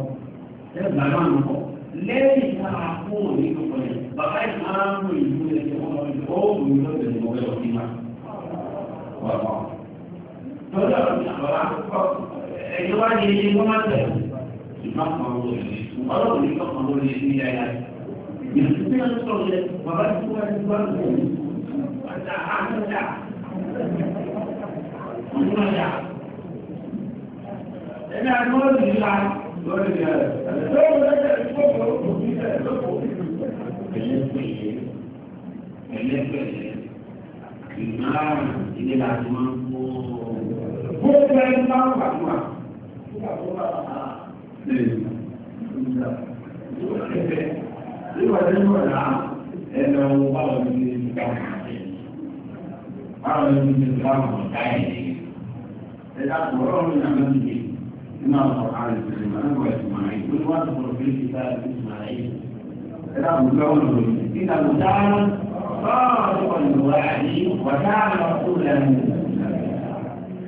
ṣé ìlànà ń bọ̀ lẹ́yìn tá a kó òní lọ́pọ̀ yẹn bàbá yìí máa ń mú ìlú ẹ̀jẹ̀ wọn lọ́wọ́ ó mú ìlú ọ̀sẹ̀ ìmọ̀wé ọ̀sìn máa wà lọ́dọ̀ ìjàmbá ẹ̀yọ́ wá ní ilé wọ́n máa tẹ̀ ìmáà ní kọ́kàn lórí ní yàrá ìlú tí wọ́n sọ yẹ bàbá tí wọ́n ti wá lò ó àtà àmọ́jà ọmọdé ẹni àgbọ̀dọ̀ ìlà lórí yàrá lọ́wọ́ lẹ́jẹ̀ ìfọ̀kọ̀ òbí ẹ̀ lọ́wọ́ ẹlẹ́pẹ̀lẹ́ ìmáà ìdílé àti wọn gbogbo ẹni máa ń pàdúrà nígbà tó bá bàbá ṣe ìgbà nígbà tí wọ́n là ẹnu ọ̀hún báwọn ní ilé ìgbà báwọn ní ilé ìgbà wọn dá ẹ̀ ẹ̀dá ọ̀rọ̀ mi náà ló ọ̀rọ̀ ọ̀rọ̀ ìwà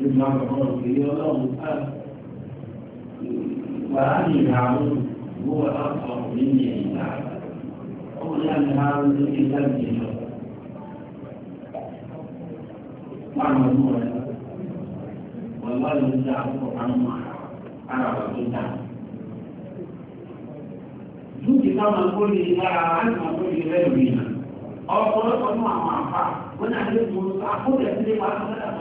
ló máa ń bọ̀ ìlú ọlọ́run ká wà á ní ìyàwó ìwọ ọkọ̀ nínú ìyá ọmọ náà ní máa ń lókè láti lọ. Máàmù ọmọ rẹ̀ wọ́n wá lọ sí àkókò àmọ́ ara wà tó dà. Dúkìá máa ń kórè lára láti máa kórè lẹ́rù yìí. Ọ̀pọ̀lọpọ̀ náà àwọn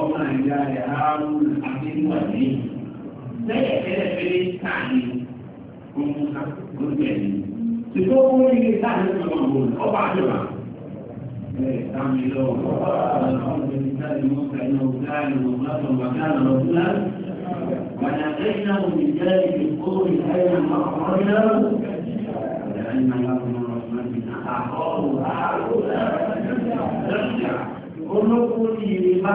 ọmọ ìyá rẹ̀ ààrùn àti wọ̀nyí. Bẹ́ẹ̀ kẹ́lẹ́ fẹ́rẹ́ sáàyè ọmọ ọmọ ẹ̀mí. Ṣùgbọ́n ó ní ilé sáàyè ọmọ ọmọ ọba àjọba. Bẹ́ẹ̀ sáàmì lọ, ọba àwọn ẹni sáàyè wọn kàní ọ̀gá ìwọ̀n látọ̀ wàgá lọ sílá. Wàdà lẹ́yìn náà mi jẹ́ ìdókòwò ìsáyẹ̀ náà ọ̀rọ̀ náà. لأن الله من رحمته أعطاه هؤلاء نرجع قل له قولي لما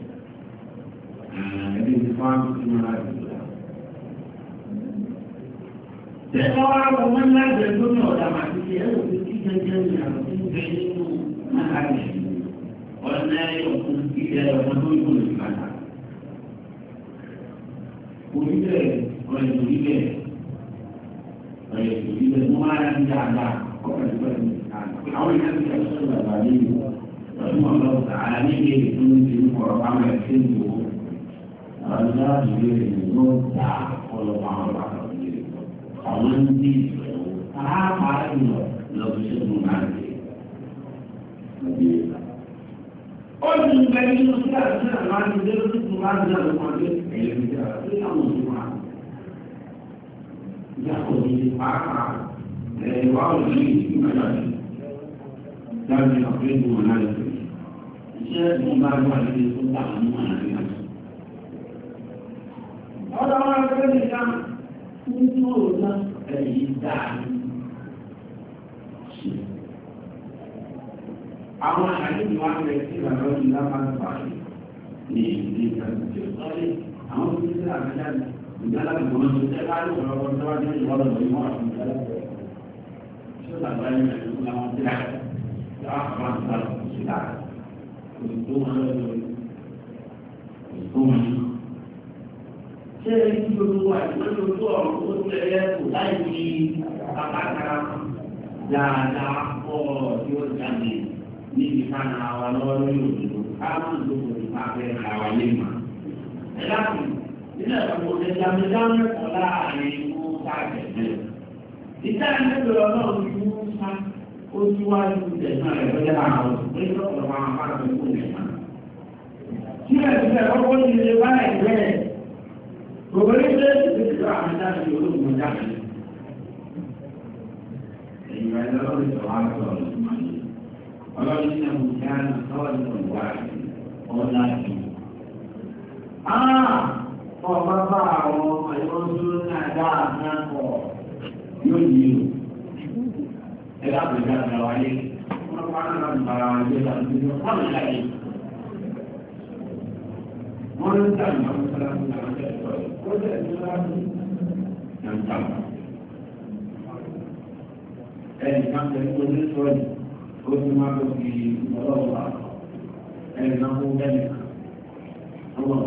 ẹbí fún ìmúra ìgbà. Tẹ̀sán wa wọ wọn lágbẹ̀ lórí ọ̀dà màtìkì ẹ̀rọ tó kí jẹjẹ ní àwọn tó ń bẹ nínú màkàlẹ̀. Ọ̀nà ọ̀kùn ìjẹ ọ̀nà tó ń bọ̀ ní ìbàdà. Orí bẹ̀ ọ̀rẹ́ orí bẹ̀ ọ̀rẹ́ orí bẹ̀ wọ́n máa ń dá àgbà kọ́kọ́ ìgbà ní àwọn ìyá ti ṣe àṣọ ìgbàgbà nínú. Lọ́dún ọ̀lọ́ọ̀ta, àlàyé ìgbé ìdúró ti ń kọ̀rọ̀ pàmò ẹ̀ṣẹ́ ìgbòho ní láti lè rìn ló ń ta ọlọ́wọ́ àwọn ọba kan lè rìn àwọn ń bí ìṣòro pàápàá jùlọ lọ́dún ṣẹ́gun náà lè rìn. ó ti ń bẹ nínú sí àdúrà máa ń dé lórí tó máa ń dá lọ́wọ́ pé ẹ̀yẹ́ ń dá sí àwọn òṣùwà. yàtọ̀ ní pàápàá ẹ̀rọ àwọn òṣèlú ìgbàlá yìí dájú àpéjọ náà lè rìn. iṣẹ́ ìgbàlá wà ní ilé tó tà ní àná ọ̀dọ̀ wọn fẹ́ mi ká ní tí ó rò náà ẹ̀yìn dàní. Àwọn àdéhùn wa fẹ́ sí ìlànà ìlú lápapọ̀ ní ìdílé ìtàkùnjẹ sọ́lé àwọn tó ń sílẹ̀ àgbẹ̀jáde ìgbàlá ìgbọ̀nà tó tẹ́ bá lò lọ́wọ́ tó wá jẹ́ ìwọ́lọ̀ lórí wọn àti ìgbàlá tó tàbí ẹ̀yìn ẹ̀yìn tó làwọn sílẹ̀ yàrá àbá ń sọ̀rọ̀ sílẹ̀ òṣìṣẹ́ wọn lọ́wọ́ lórí òṣìṣẹ́ wọn lọ́wọ́ ṣé ẹni tí gbogbo àìsàn gbogbo ọ̀rọ̀ tó tún ẹ̀yẹ kò láì ní àbákara dáadáa ọ̀rọ̀ tí ó jáde níbi kára wa lọ́wọ́ lórí òdòdó káàmù lóko ní pàfẹ́ àwa lẹ́mà. ẹ láti nílẹ̀ ìpàgọ́ ìjàmbá dáhùn ẹ̀kọ́ láàrin ikú káàkiri. ìjà ìlẹ́gbẹ̀ẹ́ ọlọ́run ti mú sá ó ti wá ju ìtẹ̀sán rẹ̀ lọ́jọ́ àwọn ìgbésọ̀rọ̀ àwọn afárá gbogbo ní ilé ìgbésí àwọn ìdájọ́ olóògùn ọjà rẹ̀. ẹ̀yìn rẹ̀ lọ́wọ́ ìtọ́ àgbà ọ̀nà ọlọ́run ní ẹ̀mú ìyá náà sọ́wọ́ ní ọ̀wá ọ̀la jù. ọba bá àwọn ọ̀yọ́ dúró náà dáadáa pọ̀ yóò o. ẹ dábòó ìdájọ́ wáyé wọ́n pa á náà bàrà wáyé lọ́wọ́ wọ́n ń tà ní àwọn sálámù náà ń tẹ̀lé ọ̀rọ̀ ó tẹ̀lé sálámù náà ń tà wọ́n. ẹnì kan tẹ̀lé tó ní sọ́ọ̀lì ó ti máa tó fi ọlọ́wọ́ wa ẹnì kan fún bẹ́ẹ̀ nìkan ọlọ́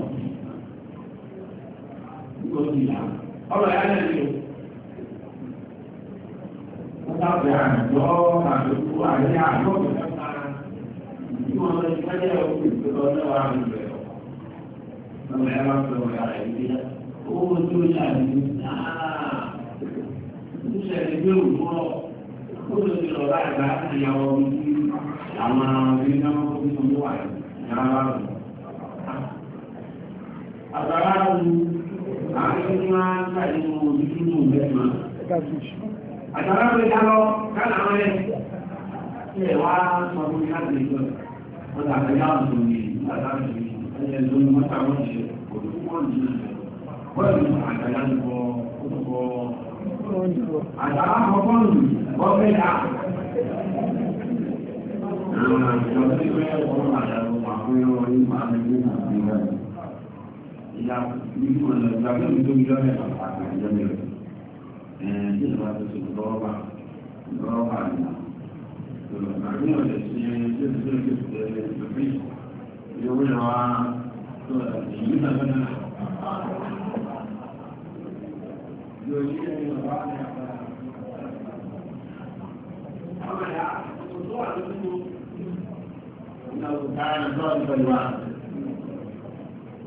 ó ti yà ọlọ́ yà lẹ́nu ọmọ ẹ máa ń sọ ọ̀rọ̀ rẹ̀ yìí dá owó tó ṣàlùmí náà ń ṣẹlẹ̀ bí òwúrọ̀ ó ló ti lọ́ọ́ láì bá ìyàwó mi sí àwọn ọmọbìnrin náà ó fi wà náà àgbàrá lu àkíní máa ń tàbí mo ojú tó mú bẹ́ẹ̀ máa. àgbàrá lu ìdá lọ kálá wọn lẹ ilé wa sọ fún mi láti ìjọ ọjà àgbẹ̀yà ọ̀dọ́ mi ẹ̀yẹ lórí mọ́ta wọ́n ṣe kò tó wọ́n ní bọ́ọ̀lù àgbàlá ń bọ ọkọ̀ àgbàlá kọ bọ́ọ̀lù bọ́ọ̀lù à. Ìyá nígbà ìgbà tó ń tóbi lọ́rẹ̀ àti ìjọba ẹ̀ẹ́n tí ìjọba tó ṣe lọ́ọ́bà lọ́ọ́bà nìyà. Ìgbà tó ń tóbi lọ́rẹ̀ sí ẹni tó ń tóbi lọ́rẹ̀ 有没有啊？对，你怎么呢？有些人有啊，他们俩我昨晚就听，那我当然知道你可以吧？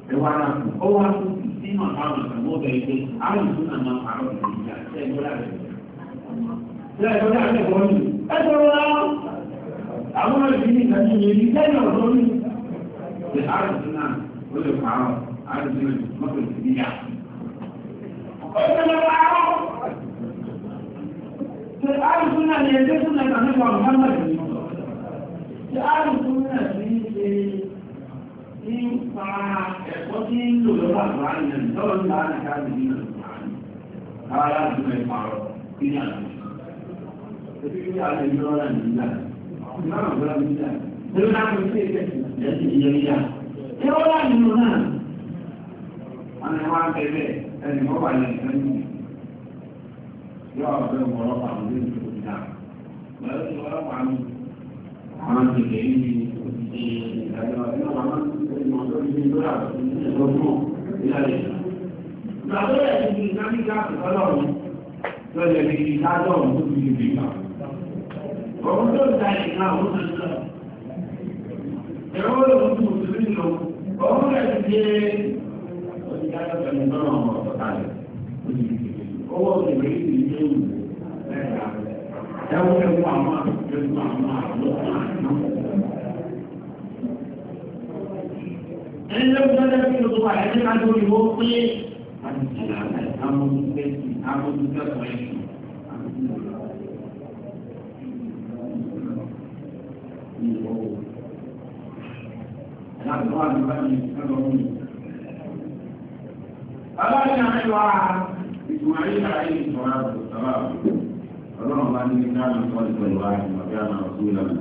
没完了，欧巴是起码他们很多的一些，阿里是能能爬到底下，现在多大人？现在多大在国里？太多了，咱们这里肯定也一天两头。pé àrùn náà ó lè pa àwọn àrùn náà mọ́tò sí ní yá. ó ti lọ pa àwọn pé àrùn náà ní ẹgbẹ́ tó náà tàbí wà Muhammad ní pé àrùn náà ní ṣe ní pa ẹ̀kọ́ tí ń lò lọ́wọ́ àgbà yẹn lọ́wọ́ ní bá àgbà yẹn nínú àwọn aláàbò náà pààrọ̀ kí ní àgbà yẹn. Ebi ní àgbà yẹn lọ́wọ́ náà nígbà náà ọ̀gbọ́n nígbà náà. Belum nak berfikir. Jadi dia dia. Dia orang ni mana? Anak orang bebe, ni bapa ni ni. Dia orang orang orang ni tu dia. Baru dia orang orang ni. Orang ni dia ni. Dia orang orang ni motor ni tu lah. Dia tu. Dia ni. Nah, tu yang ni kami dah kalau ni. Tu yang ni kita dah tu ni kita. Kalau tu dah ni kita tu ẹ̀rọ lòun tó tó ní lò ọ̀hún rẹ̀ ti dé oníkàtọ̀ pẹ̀lú náà ọ̀tọ̀ kalẹ̀ owó ìwé ìlú tó wù lẹ́yìn àgbẹ̀ ẹ̀wọ́ ẹ̀wọ́ àwọn àgbẹ̀wò àwọn àlọ́ ẹni lẹ́wọ́n tó lẹ́yìn tó tó wà ẹni ká lórí wọ́n pé àti ìlànà àmójútẹ́sì àmójútẹ́sì àdúrà nígbà yìí lọ́wọ́ mi. Aláàrin àríwá ìgbìmọ̀ yìí láyé ìṣọ̀rọ̀ àbùkù sábà. Ọlọ́run bá ní ní káàmì sọ ìpẹ̀lú àìsàn àti àwọn ọ̀sùn ìlànà.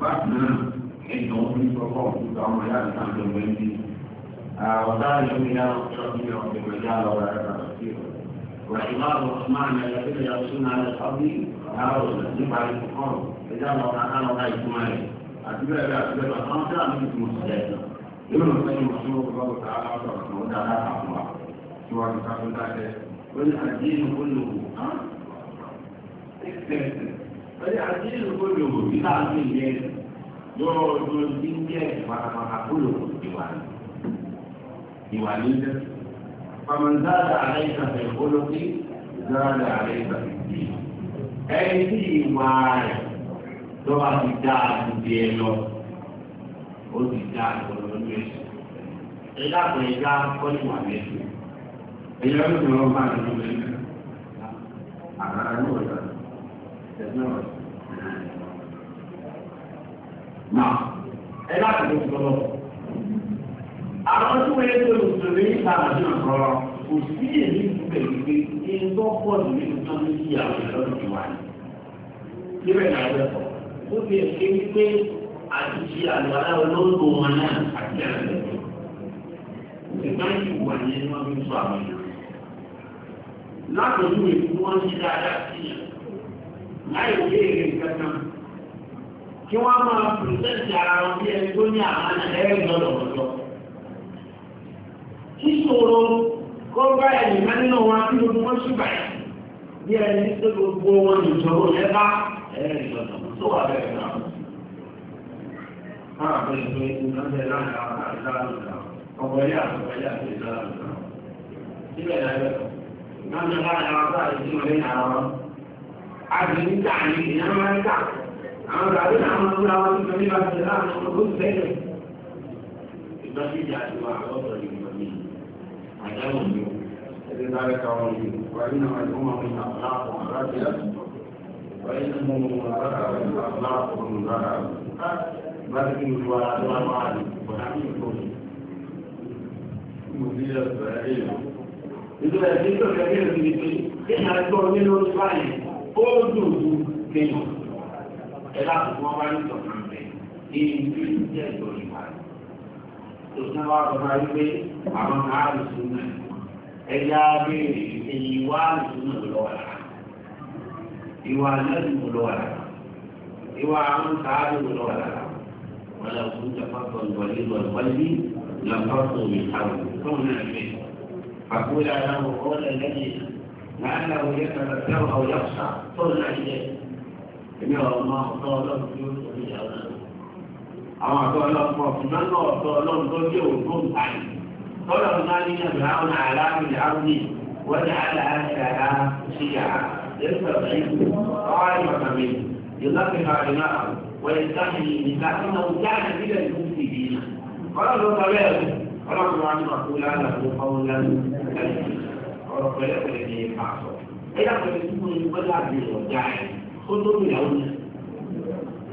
Bákan náà, ètò òfin sọ́kọ̀ òkúta ọmọ yá àti àjọ mẹ́rin. Àwọ̀dá ìlúmíyá ọ̀ṣọ́ ìlú ọ̀gbìn mẹ́já lọ́wọ́ ẹ̀ka وعباد الرحمن الذين يرسلون على الأرض هؤلاء نبع الكفار إذا ما كان غير مالك àti bẹ́ẹ̀ bẹ́ẹ̀ àti bẹ́ẹ̀ àwọn tí a ní ìtumọ̀ sílẹ̀ náà yóò lọ sẹ́yìn mọ̀sán ọ̀rọ̀ tá a lọ sọ̀rọ̀ tó dá láta fún wa tí wọ́n ti ká tó dá jẹ́ ó ní àdínú ó lò wò hàn ó ní àdínú ó lò wò nígbà tó ń yẹ yóò lọ sí ń jẹ́ ẹni tí ìwà rẹ̀ lọ́wọ́ àti dá àdúgbò ẹ lọ ó sì dá àgbọ̀dọ̀ lórí ẹ̀sùn. ẹ̀dá àgbọ̀n ẹ̀dá kọ́lé wà lẹ́sùn. ẹ̀yọ́ ló ń lọ bá àdúgbò lórí ẹ̀sùn. àgbàrá ló wọ̀ lọ́dọ̀ ẹ̀sùn náà. nà ẹ̀dá lọ. àwọn tó wọlé tó lò tó lé nípa àdúgbò náà kọ́ kò sí èyí pẹ̀lú pé kí n tó pọ̀ nínú tó ní kí àwọn ìlọ́dún ti wà níbẹ̀ ni àwọn ẹ̀kọ́ pé ṣe wípé àtúnṣe àlùbálá olóńgbò wọn náà àti àlùbẹ̀. Ìgbọ́n yìí ní wọ́n fi sọ àwọn dáadáa sí láì èrè kankan. Kí wọ́n máa ara wọn bí ẹni tó ní àwọn ẹ̀rẹ́ bá ẹ̀yìn 做这个，那所以说你刚才让他打一下子，他回家回家去了，基本上是，那你看他在基本上，还是你家里人来干，然后咱们咱们不要去跟你们去干，我们不赔的，你们一家去吧，我说你们你，反正我们，这个大家搞，反正我们我们想拉拢拉起来。فإنهم ذهبوا أخلاقهم ذهب بل وأدوان وحميكم مدير السعيد إذا أجيب كثير من الشيء إحنا نقول منه الإسرائيل قلتوا كيف ẹ̀dá àtúntò wọn bá ní ìtọ̀nà rẹ̀ ní ìlú ìjẹ́ ìjọba ìbàdàn. tó sọ wá sọ máa wípé àwọn àrùn súnmọ́ ẹ̀yà béèrè èyí wá àrùn súnmọ́ lọ́wọ́ lára ìwà alẹ́lù ló wà lára ìwà àwọn sáájú ló wà lára wọn lọ fún jàpátọ̀ ìwọlé lọ wọlé lọ́pọ̀tò ìtàwọn tó ń rìn rìn fàkúrẹ́ aláwọ̀ ọ̀lẹ̀ lẹ́yìn láàlá òye kàrà táwọn ọ̀yà sà tó ń rìn rìn èmi ọ̀mọ ọ̀tọ̀ ọlọ́run tí ó sọ níyàwó náà àwọn ọ̀tọ̀ ọlọ́run pọ̀ fún náà ọ̀tọ̀ ọlọ́run tó jẹ́ òótọ́ nǹkan tọ́lọ̀ máa ní àbúrò àwọn àlàáfíà áwùjì wọ́n ní àlàáfíà ṣíyà يستطيع عالما منه يلقن علماءه ويستحيي لكنه كان من المفسدين قال له طبيعه رب أن أقول له قولا ورب يقلني معصر إذا كنت تكون يبدع بالوجع خذوا من هنا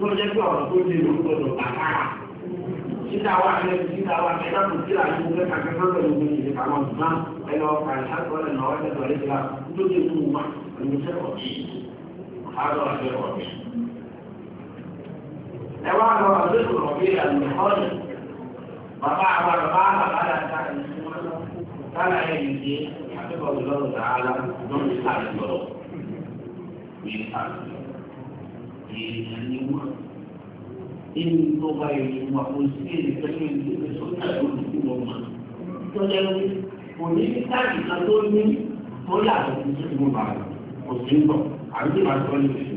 tó jẹ́ pé ọ̀rọ̀ tó lè ló gbọdọ̀ kàkàrà títà wà ní ọ̀bí àlọ́ ọ̀rẹ́ bàbá àwọn bàbá bàbá dàda kálá ẹ̀ nìyí akẹ́kọ̀ọ́ lọ́rùn tààlà lọ́rùn ìsàlẹ̀ lọ́rùn ìsàlẹ̀ inú tó bá yẹ wà kò sí èdè pẹ̀lú ìlú ìlú sọ́jà lórí ìlú ọmọ. Ìtọ́jà wí kò ní ní káàdì kan tó ní tó yàtọ̀ sí sí ìlú bàbá kò sí ń bọ̀ àbí tí màá tọ́lé sí.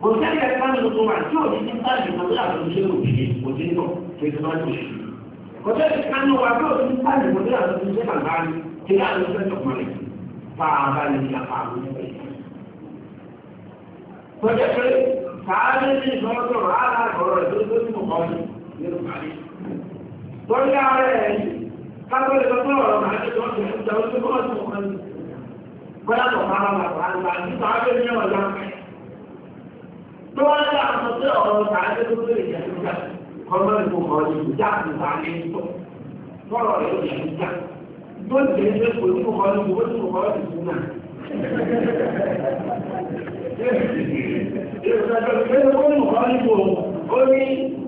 Kò sí ẹ̀ka ẹ̀ka mi wà tí òní ní káàdì kan tó yàtọ̀ sí ìlú òbí kò sí ń bọ̀ kò sí máa tó sí. Kò sí ẹ̀ka ẹ̀ka mi wà tí òní ní káàdì kan tó yàtọ̀ sí ìlú bàbá mi kí láàrin sáré ní ìfọ́nàtọ̀ rárá ọ̀rọ̀ ìdókòwò ní mọ̀kọ́ ní nínú parí. Lórí ààrẹ ẹ̀yìn, kápẹ́ lè lọ́pọ̀ ọ̀rọ̀ máa ṣe tó ń tẹ̀lé ìjà oṣù mọ́ ọ̀sùn kan ní. Bọ́lá tó máa wà wà nípa nípa abẹ́ ní ọ̀la. Lọ́wọ́ ní àwọn tó ọ̀rọ̀ sáré tó tó ìjà tó jà kọ́mọ́ ìbò kọ́ ní ìjà tó bá ní tó. Bọ́lọ̀ rẹ̀ ìjà tó jà. Yóò jẹ́ ilé kò ní mọ̀kọ́ ní mọ̀kọ́ ní mọ̀kọ́ ní mọ̀kọ́ Ìjúmọ̀ mọ̀tọ́ ìpòjòjò ẹni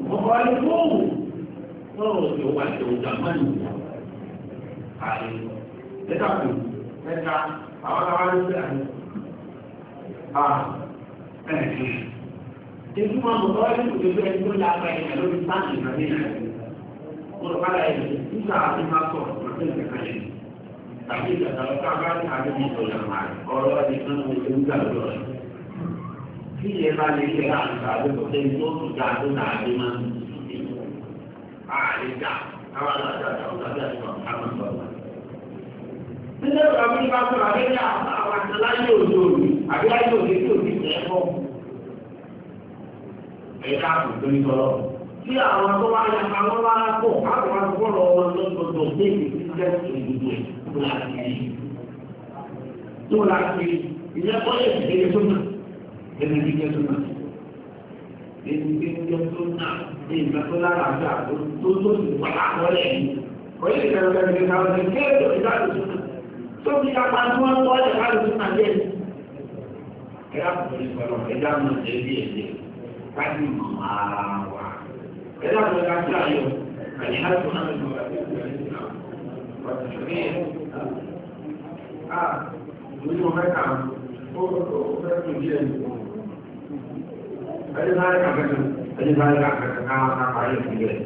tó lágbà ìrìn lórí sáàkì ìrìn àríyàn. Mo lọ bá láyé ìjúta àti máa sọ̀rọ̀ pẹ̀lú ìrìn tàbí ìjọba ọ̀gá bá ní àdébìtò ìyàmà ọ̀rọ̀ ẹni tó ń gbé ìjọba lọ́rọ̀ tí ìyẹn bá lè ṣe àgbà gbogbo ẹni tó tún ga tó náà dé máa ń tún sí ààrẹ gà káwá lọ́jà tó ń gbàgbé àti ọ̀gá máa ń bọ̀ wá. nílẹ̀ ìwà bá tó àbẹ́lẹ̀ àwọn àtàláyé òde òní àbíláyé òde tí òde tẹ̀ ẹ́ bọ̀. ẹ̀ka kò tó ní sọ́lọ́. tí àwọn tó bá yẹ àwọn bá pọ̀ àwọn bá pọ̀ lọ wọn lọ gbọdọ̀ dé ìdíjẹ́ tó láti rí ìyẹn kọ́ lè fi ẹni tí jẹ́ tó náà ẹni tí jẹ́ tó náà ní ìgbà tó lára àgbà tó tó sì wà lákọọ́lẹ̀ yìí ọ̀yẹ́ ìkẹrẹ bẹ̀rẹ̀ bẹ̀rẹ̀ náà ọ̀sẹ̀ kí ẹ̀dọ̀ ìdájọ́ tó náà tó fi apá tí wọ́n kọ́ ọ̀lẹ̀ láti tó náà yẹn. ẹ dákun ní pẹ̀lú ẹ dákun ní ẹbí ẹ̀jẹ̀ kájú mọ̀ ara wa ẹ dákun ní kájú ayọ̀ àyè láti tó díẹ̀ nìkan ẹni sáré kàkẹ́ tó ẹni sáré kàkẹ́ tó káwọn kápá yẹ fi bẹ́ẹ̀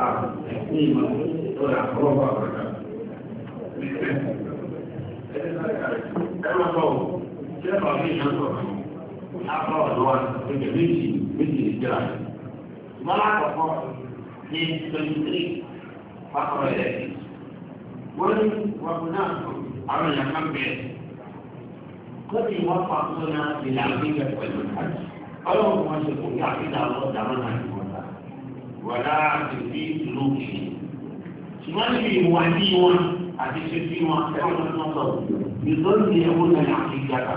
à ní ìmọ̀ tó dà ọwọ́ bá wà ká. ẹ máa bọ̀ ọ́ ṣé ẹ máa fi ìyá sọ̀rọ̀ àbọ̀ ọ̀dọ́ wa ẹgbẹ̀ méjì méjì ìjọra. Mọ́lá àkọ́kọ́ ní twenty three pàtàkì ẹ̀ wọ́n ní wàhùn náà àwọn èèyàn kan bẹ̀rẹ̀. Kọ́ni wọ́n fa kúrò náà ìlànà ìgbẹ́ pẹ̀lú àjù ọlọ́run wọn ṣe kó kàfíńdà wọn dàmọ́ náà ní wọn ta wà láti fi lókè ṣùgbọ́n níbi ìwà ní wọn àti ṣe sí wọn ẹ̀wọ̀n tó ń sọ ìtọ́jú ni ẹ̀wọ̀n náà àti ìjàkà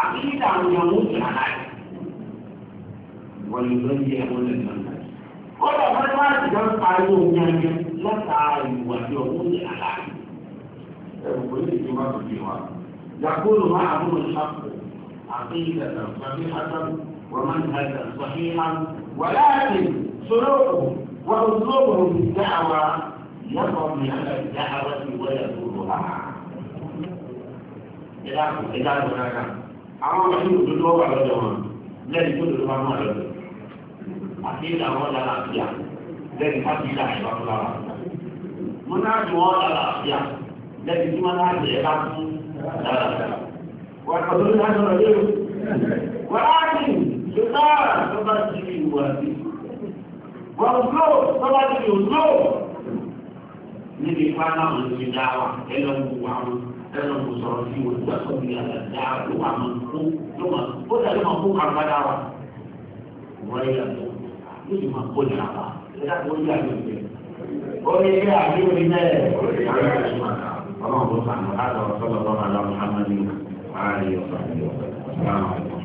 àfíńdà àwọn ọmọ òkè àlàyé wọ́n ní ìtọ́jú ni ẹ̀wọ̀n náà ń kọ́lá wọn wá ìjọ ń pariwo yanyan lọ́ta ìwàdí ọ̀hún ní àlàyé ẹ̀rù pé ìjọba tó bí wa yàgò lọ́wọ́ àbúrò ṣàkóso àti ìdàgbàsókè ومن ومنهجا صحيحا ولكن سلوكهم واسلوبهم في الدعوه يقضي على الدعوه ويزورها إذا إذا هناك àwọn ọmọ yìí òdodo ọwà lọ́dọ̀ wọn lẹ́yìn tó dodo máa mú àlọ́dọ̀ àti ìlànà lára àfíà lẹ́yìn ká ti láàyè bá fúlà wà. mo náà ju wọn lára àfíà lẹ́yìn tí wọ́n náà jẹ́ ẹ bá lára àfíà. wà á tọ́jú láti á rìn ṣe náà tó bá ti rí ìwà rí wọ́n lò tó bá ti rí òjò níbi ipá náà ló ti dá wa ẹlẹ́wọ̀n wà mọ́ ẹlẹ́wọ̀n kò sọ̀rọ̀ sí wọn nígbà tó bí àgbà dá ló wà mọ́ kó ló mọ̀ ó dàbí mọ̀ kó